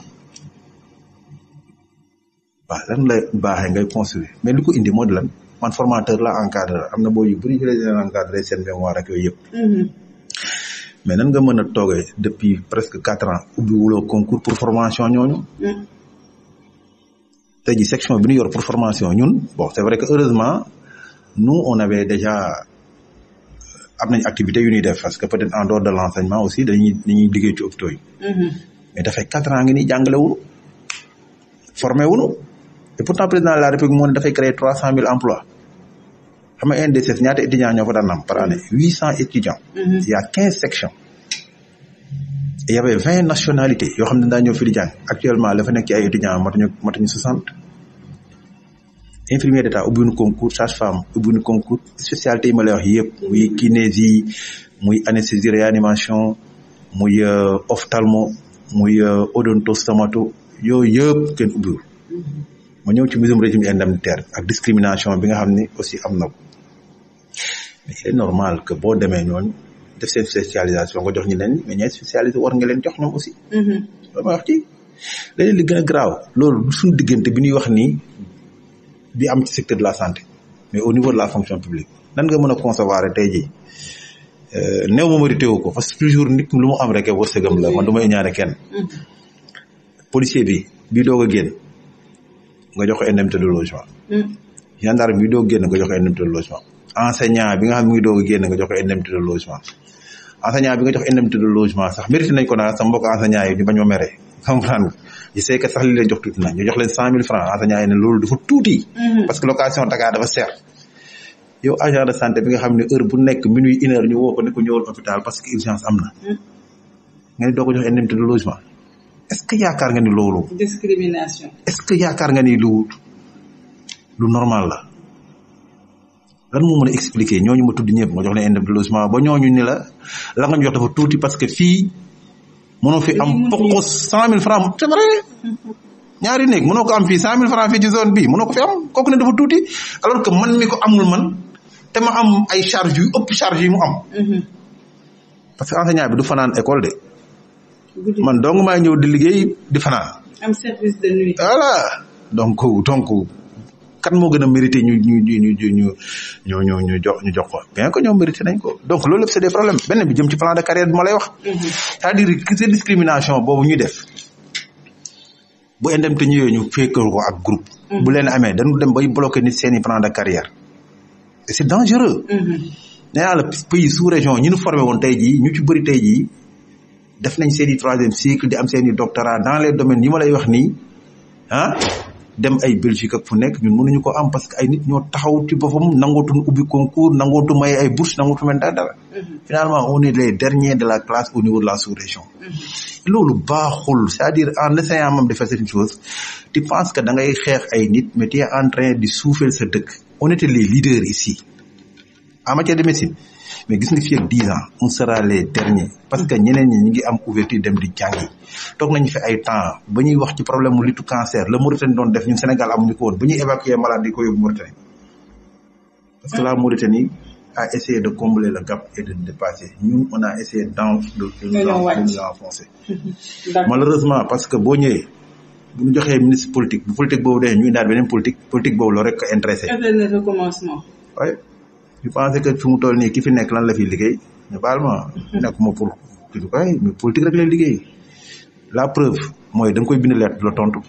waaw lan la baaxee ngay construire mais li ko indi moo di lan man formateur la encadré am na boo yu bëri ñu leen encadré seen mémoire ak yooyu yëpp. Mm-hmm. mais nan nga mën a toogee depuis presque quatre ans ubbi wuloo concours pour formation ñooñu. Mm-hmm. tey jii section bi nu yor pour formation ñun bon c'est vrai que heureusement nous on avait déjà euh, am nañ activité yu ñuy def parce que peut-être en dehors de l'enseignement aussi dañuy dañuy liggéey ci hôpitaux yi. Mm-hmm. mais quatre ans ngi ni jàngale wuñu et pourtant président la république moo ne dafay créer trois cent mille emplois xam nga NDCS ñaata étudiants ñoo fa daan am par année huit cent étudiants. Mm-hmm. il y a quinze sections. il y vingt nationalités yoo xam ne daa ñoo fi di actuellement la fa nekk ci ay étudiants matuñu matuñu soixante. infirmier d'état ubbi na concours sage-femme ubbi na concours spécialité yi ma lay wax yëpp muy kinésie muy anesthésie réanimation muy euh, ophtalmo muy euh, odontostomato yooyu yëpp kenn ubbiwul. Mm-hmm. ma ñëw ci mbirum régime indemnitaire ak discrimination bi nga xam ni aussi am na ko mais c'est normal que boo demee noon def seen spécialisation nga jox ñu leen mais ñooy spécialisé war nga leen jox ñoom aussi. Mm-hmm. loolu ma wax ci leneen li gën a graaw loolu suñu diggante bi ñuy wax ni di am ci de la santé mais au niveau de la fonction publique nan nga mën a concevoir tey jii euh, néew ma mérité wu ko parce que toujours nit lu mu am rek wërsëgam la man du may ñaane kenn mm-hmm. policier bi bii nga jox ko indemnité de logement. Mm. gendarme bi doog génn nga jox ko indemnité nga xam ne mu de logement. enseignant bi nga jox indemnité de logement sax mérité nañ ko daal sama mbokk enseignant yi bañ ma mere comprendre nga je jox tuuti na ñu jox leen cent mille francs enseignant yi ne loolu dafa tuuti. Mm-hmm. parce que location Dakar dafa seer. yow agent de santé bi nga xam ne heure bu nekk minuit une heure ñu woo ko ne ko hôpital parce que urgence am na. Mm. nga ne doo ko jox indemnité de est-ce que yaakaar nga ni loolu. est-ce que yaakaar nga ni lu lu normal la lan moo mën a expliquer ñooñu ma tudd ñëpp nga jox leen indemnisation ba ñooñu ni la la nga ñu jox dafa tuuti parce que fii mënoo fi am pokos cent mille francs c'est vrai ñaari néeg mënoo ko am fii cent mille francs fii ci zone bii mënoo ko fi am kooku ne dafa tuuti alors que man mi ko amul man te ma am ay charge yu ëpp charge yi mu am. Mhm. parce que enseignant bi du fanaan école de. man dong maa ñëw di liggéey di fanaan. am service de nuit. donc donc kan moo gën a mérité ñu ñu ñu ñu ñu ñu ñu ñu jox ñu jox ko bien que ñoom mérité nañ ko donc loolu lépp c'est des problèmes benn bi jëm ci plan de carrière bi ma lay wax. Mhm. c'est-à-dire que discrimination boobu ñuy def bu indemnité ñëwee ñu fékkee ko ak groupe. Mhm. bu leen amee dañu dem bay bloqué ni seen i plan de carrière e c'est dangereux. Mhm. nee naa la pays sous région ñi ñu formé woon tey jii ñu ci bëri tey jii. def nañ seeni i troisième di am seeni i doctorat dans les domaines yi ma lay wax nii ah dem ay Belgique ak fu nekk ñun mënuñu ko am parce que ay nit ñoo taxaw ci boppam nangootuñu ubbi concours nangootu may ay bourse nangootu mel dara dara mm-hmm. finalement on est les derniers de la classe au niveau la sous-région mm-hmm. loolu baaxul c'est-à-dire en essayant même de faire cette chose tu penses que da ngay xeex ay nit mais tu en train di suufeel sa dëkk on était les leaders ici en matière de médecine mais gis nga fii ak 10 ans on sera les derniers parce que ñeneen ñi ñu ngi am ouverture dem di jàngi toog nañu fi ay temps ba ñuy wax ci problème mu litu cancer la Mauritanie doon def ñun Sénégal amuñu ko woon ba ñuy évacuer malade yi ko yóbbu Mauritanie parce que la Mauritanie a essayé de combler le gap et de dépasser ñun on essayé d'en de malheureusement parce que boo ñëwee bu ñu joxee ministre politique bu politique boobu dee ñu indaat beneen politique politique boobu loolu rek ko intéressé. recommencement. je pense que fi mu toll nii ki fi nekk lan la fi liggéey ñu baal ma mhm. nekk ma pour kii kay mais politique rek lay liggéey la preuve mooy da koy bind le du la tontu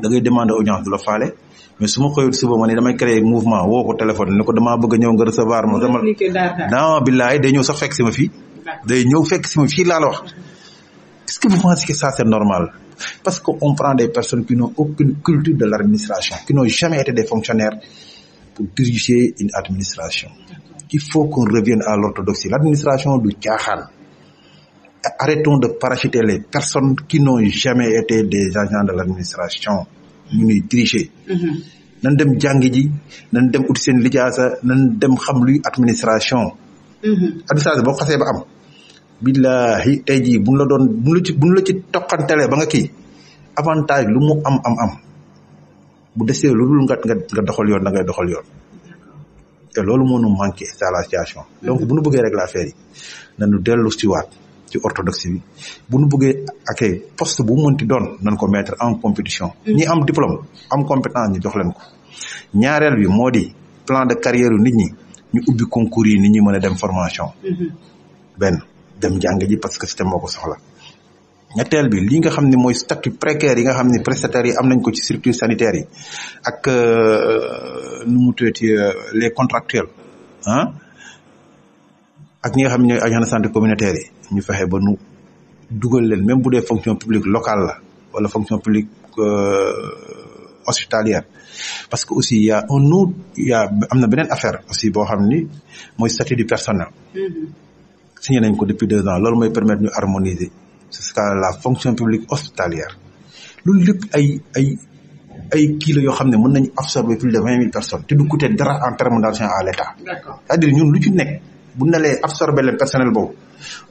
da ngay demander audience du la faale mais su ma xëyul suba ma ne damay créer mouvement woo ko téléphone ne ko damaa bëgg ñëw nga recevoir ma dama non billaay day ñëw sax fekk si ma fii day ñëw fekk si ma fii laa la wax est-ce que vous pensez que ça c'est normal parce que on prend des personnes qui n'ont aucune culture de l'administration qui n'ont jamais des fonctionnaires pour purifier une administration il faut qu'on revienne à l'orthodoxie l'administration du caaxaan arrêtons de parachuter les personnes qui n'ont jamais été des agents de l'administration ñu ñuy tricher mm-hmm. nan dem jàngi ji nan dem uti seen lijaasa nan dem xam luy administration mm-hmm. administration boo xasee ba am billahi tey jii buñ la doon buñ la ci buñ la ci toqantelee ba nga kii avantage lu mu am am am bu desee lu dul nga nga nga doxal yoon da ngay doxal yoon te loolu moo ñu manqué dans la situation mm-hmm. donc bu nu buggee régler affaire yi nañu dellu si waat ci orthodoxie bi bu ñu bëggee akay poste bu mënti doon nañ ko metre en compétition. Mm-hmm. ñi am diplôme am compétence ñu jox leen ko ñaareel bi moo di plan de carrière yu nit ñi ñu ubbi concours yi nit ñi mën a dem formation. Mm-hmm. benn dem jàng ji parce que système moo soxla. ñetteel bi li nga xam ne mooy statut précaire yi nga xam ni prestataires yi am nañ ko ci structures sanitaires yi ak euh, nu mu tuddati euh, les contractuels ah ak ñi nga xam ne ñooy agent de santé communautaire yi ñu fexe ba nu dugal leen même bu dee fonction publique locale la wala fonction publique euh, hospitalière parce que aussi y a un am na beneen affaire aussi boo xam ni mooy statut du personnel mm-hmm. signé nañ ko depuis deux ans loolu moy permettre ñu harmoniser ce sera la fonction publique hospitalière loolu lépp ay ay ay yoo xam ne mën nañu absorber plus de vingt mille personnes te du coûter dara en terme d' argent à l' état. dire ñun lu ci nekk bu nalee absorber leen personnel boobu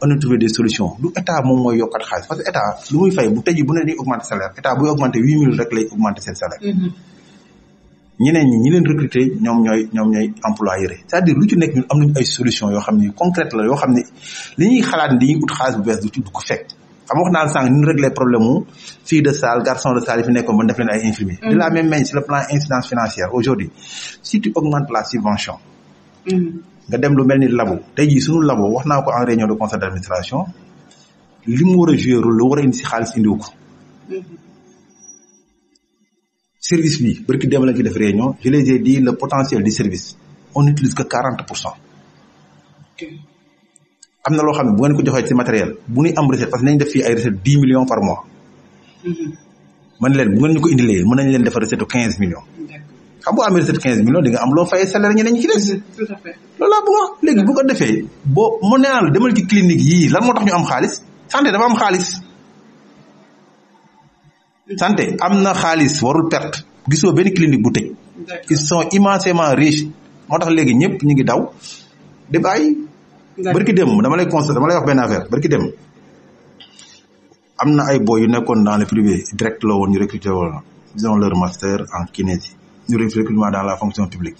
on a trouvé des solutions du état moom mooy yokkaat xaalis parce que état lu muy fay bu tëjee bu ne dañuy augmenter salaire état buy augmenter huit mille rek lay augmenter salaire. Mm-hmm. ñi ñi leen recruter ñoom ñooy ñoom ñooy employeur c'est-à-dire lu ci nekk ñun am nañu yoo xam ne yu la yoo xam ne li ñuy xalaat ni dañuy ut xaalis bu bees xam wax naa la sànq ñu régler problème mu de salle garçon de salle fi nekkoon ba def leen ay infirmier de la mm. même manière sur le plan incidence financière aujourd'hui si tu augmentes subvention mm. nga dem lu mel ni labo tey jii sunu labo wax naa ko en réunion de conseil d'administration li mu war a jouer rôle la war si xaalis indiwu ko mm-hmm. service bi barki dem lañ fi def réunion je les ai dit le potentiel du service on n'utilise que 40 pour cent am na loo xam ne bu ngeen ko joxee ci matériel bu ñuy am recette parce que nañ def fii ay recette par mois mm-hmm. man leen bu ngeen ñu ko indilee mën nañ leen defar recette quinze millions xam boo amee recette quinze millions di nga a loo fay salaire ñi ci des mm-hmm. loolu laa bëgg léegi bu ko defee boo mu neenal demal ci clinique yii lan moo tax ñu am xaalis santé dafa am xaalis mm-hmm. santé am na xaalis warul perte gisoo benn clinique bu tëj ils sont immensément riches moo tax léegi ñëpp ñu ngi daw di barki dem dama lay constat dama lay wax benn affaire barki dem am na ay boy yu nekkoon dans le privé direct la woon ñu recruter woon ils ont leur master en kinésie ñu recrutement dans la fonction publique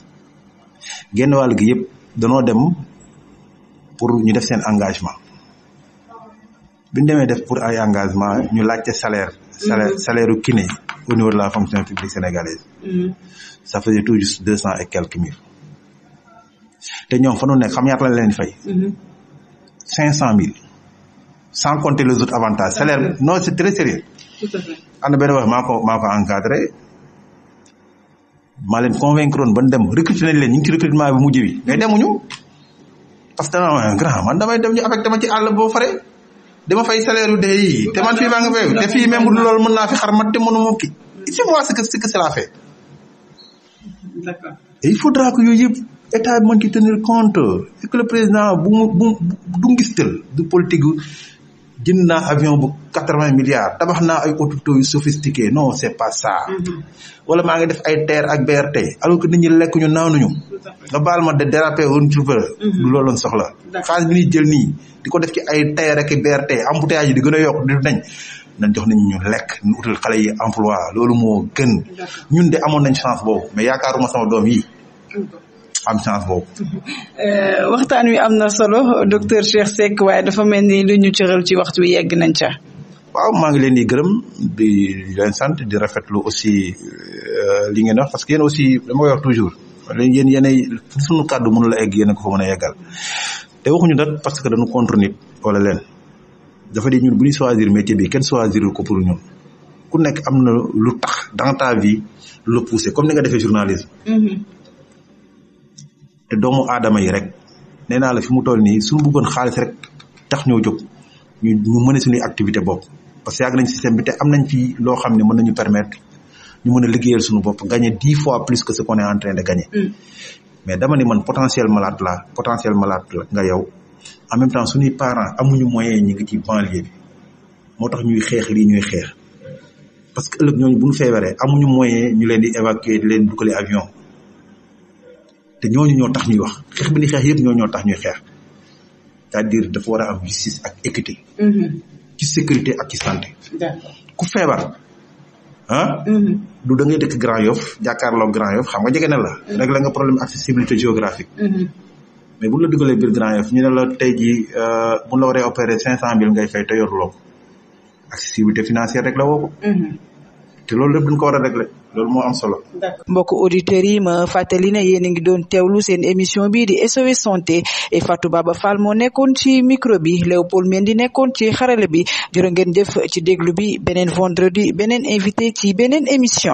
genn wàll gi yëpp danoo dem pour ñu def seen engagement bi ñu demee def pour ay engagement ñu laajte salaire salaire mm-hmm. salaire u kiné au niveau la fonction publique sénégalaise mm-hmm. ça faisait tout juste deux cent et quelques mille te ñoom fa nu nekk xam ñaata la leen fay. Mhm. cinq cent mille. sans compter les autres avantages salaire non c'est très sérieux tout à fait am na benn wax maa ko maa maa leen convaincre woon ba ñu dem recruter nañ leen ñu ngi ci recrutement bi mujj bi mais mhm. demuñu parce que dama grand man damay dem ñu affecté ma ci àll boo fare dama fay salaire yu dee yii te man fii maa ngi fay te fii même bu dul loolu mën naa fi xar mat te mënu ma kii. c'est moi ce que ce que cela fait. yooyu yëpp. état bi mën ci tenir compte et que le président bu mu bu du ngistal du politique jënd naa avion bu quatre-vingts milliards tabax naa ay hôpitaux yu sophistiqués no c'est pas ça. Mm-hmm. wala maa ngi def ay TER ak BRT alors que nit ñi lekk ñu naanuñu. nga baal ma de déraper woon ci lu looloon soxla. xaalis bi ñuy jël nii di ko def ci ay TER ak BRT embouteillage yi di gën a yokk di nañ nañ jox nañu ñu lekk ñu utal xale yi emploi loolu moo gën. ñun de amoon nañ chance boobu yaakaaruma sama doom yi. am chance boobu. Euh, waxtaan wi am na solo docteur Cheikh Seck waaye dafa mel ni lu ñu cëral ci waxtu wi yegg nañ ca. waaw maa ngi leen di gërëm bi leen sant di rafetlu aussi euh, li ngeen wax parce que yéen aussi dama koy wax toujours yéen yéenay sunu kàddu mënu la egg yéen a ko fa mën a yeggal te waxuñu nag parce que dañu contre nit wala leen dafa di ñun bu ñu choisir métier bi kenn choisirul ko pour ñun ku nekk am na lu tax dans ta vie lu poussé comme ni nga defee journalisme. Mm-hmm. te doomu aadama yi rek nee naa la fi mu toll nii suñu buggoon xaalis rek tax ñoo jóg ñu ñu mën a suñuy activité bopp parce que yàgg nañ système bi te am nañ fi loo xam ne mën nañu permettre ñu mën a liggéeyal suñu bopp gagner dix fois plus que ce qu'on est en train de mm. mais dama ni man potentiel malade la potentiel malaat la nga yow en même temps suñuy parents amuñu moyen ñu ngi ci banlieue bi moo tax ñuy xeex lii ñuy xeex parce que ëllëg ñooñu bu ñu feebaree amuñu moyen ñu leen di évacuer di leen dugalee avion te ñooñu ñoo tax ñuy wax xeex bi ni xeex yëpp ñoo ñoo tax ñuy xeex c'est-à-dire dafa war a am justice ak équité. Mm-hmm. ci sécurité ak ci santé. ku feebar ah. Mm-hmm. du da ngay dëkk Grand Yoff jàkkaarloog Grand Yoff xam nga jege na la. Mm-hmm. réglé nga problème accessibilité géographique. mais bu ñu la dugalee biir Grand Yoff ñu ne la tey jii euh, bu ñu la waree cinq cent mille ngay fay te yoruloo ko accessibilité financier rek la te loolu lépp duñ ko war a réglé. loolu moo am mbokk auditeurs yi ma fàttali ne yéen a ngi doon teewlu seen émission bii di SOS santé et Fatou Baba Fall moo nekkoon ci micro bi Léopold Mendy nekkoon ci xarale bi jërë ngeen jëf ci déglu bi beneen vendredi beneen invité ci beneen émission.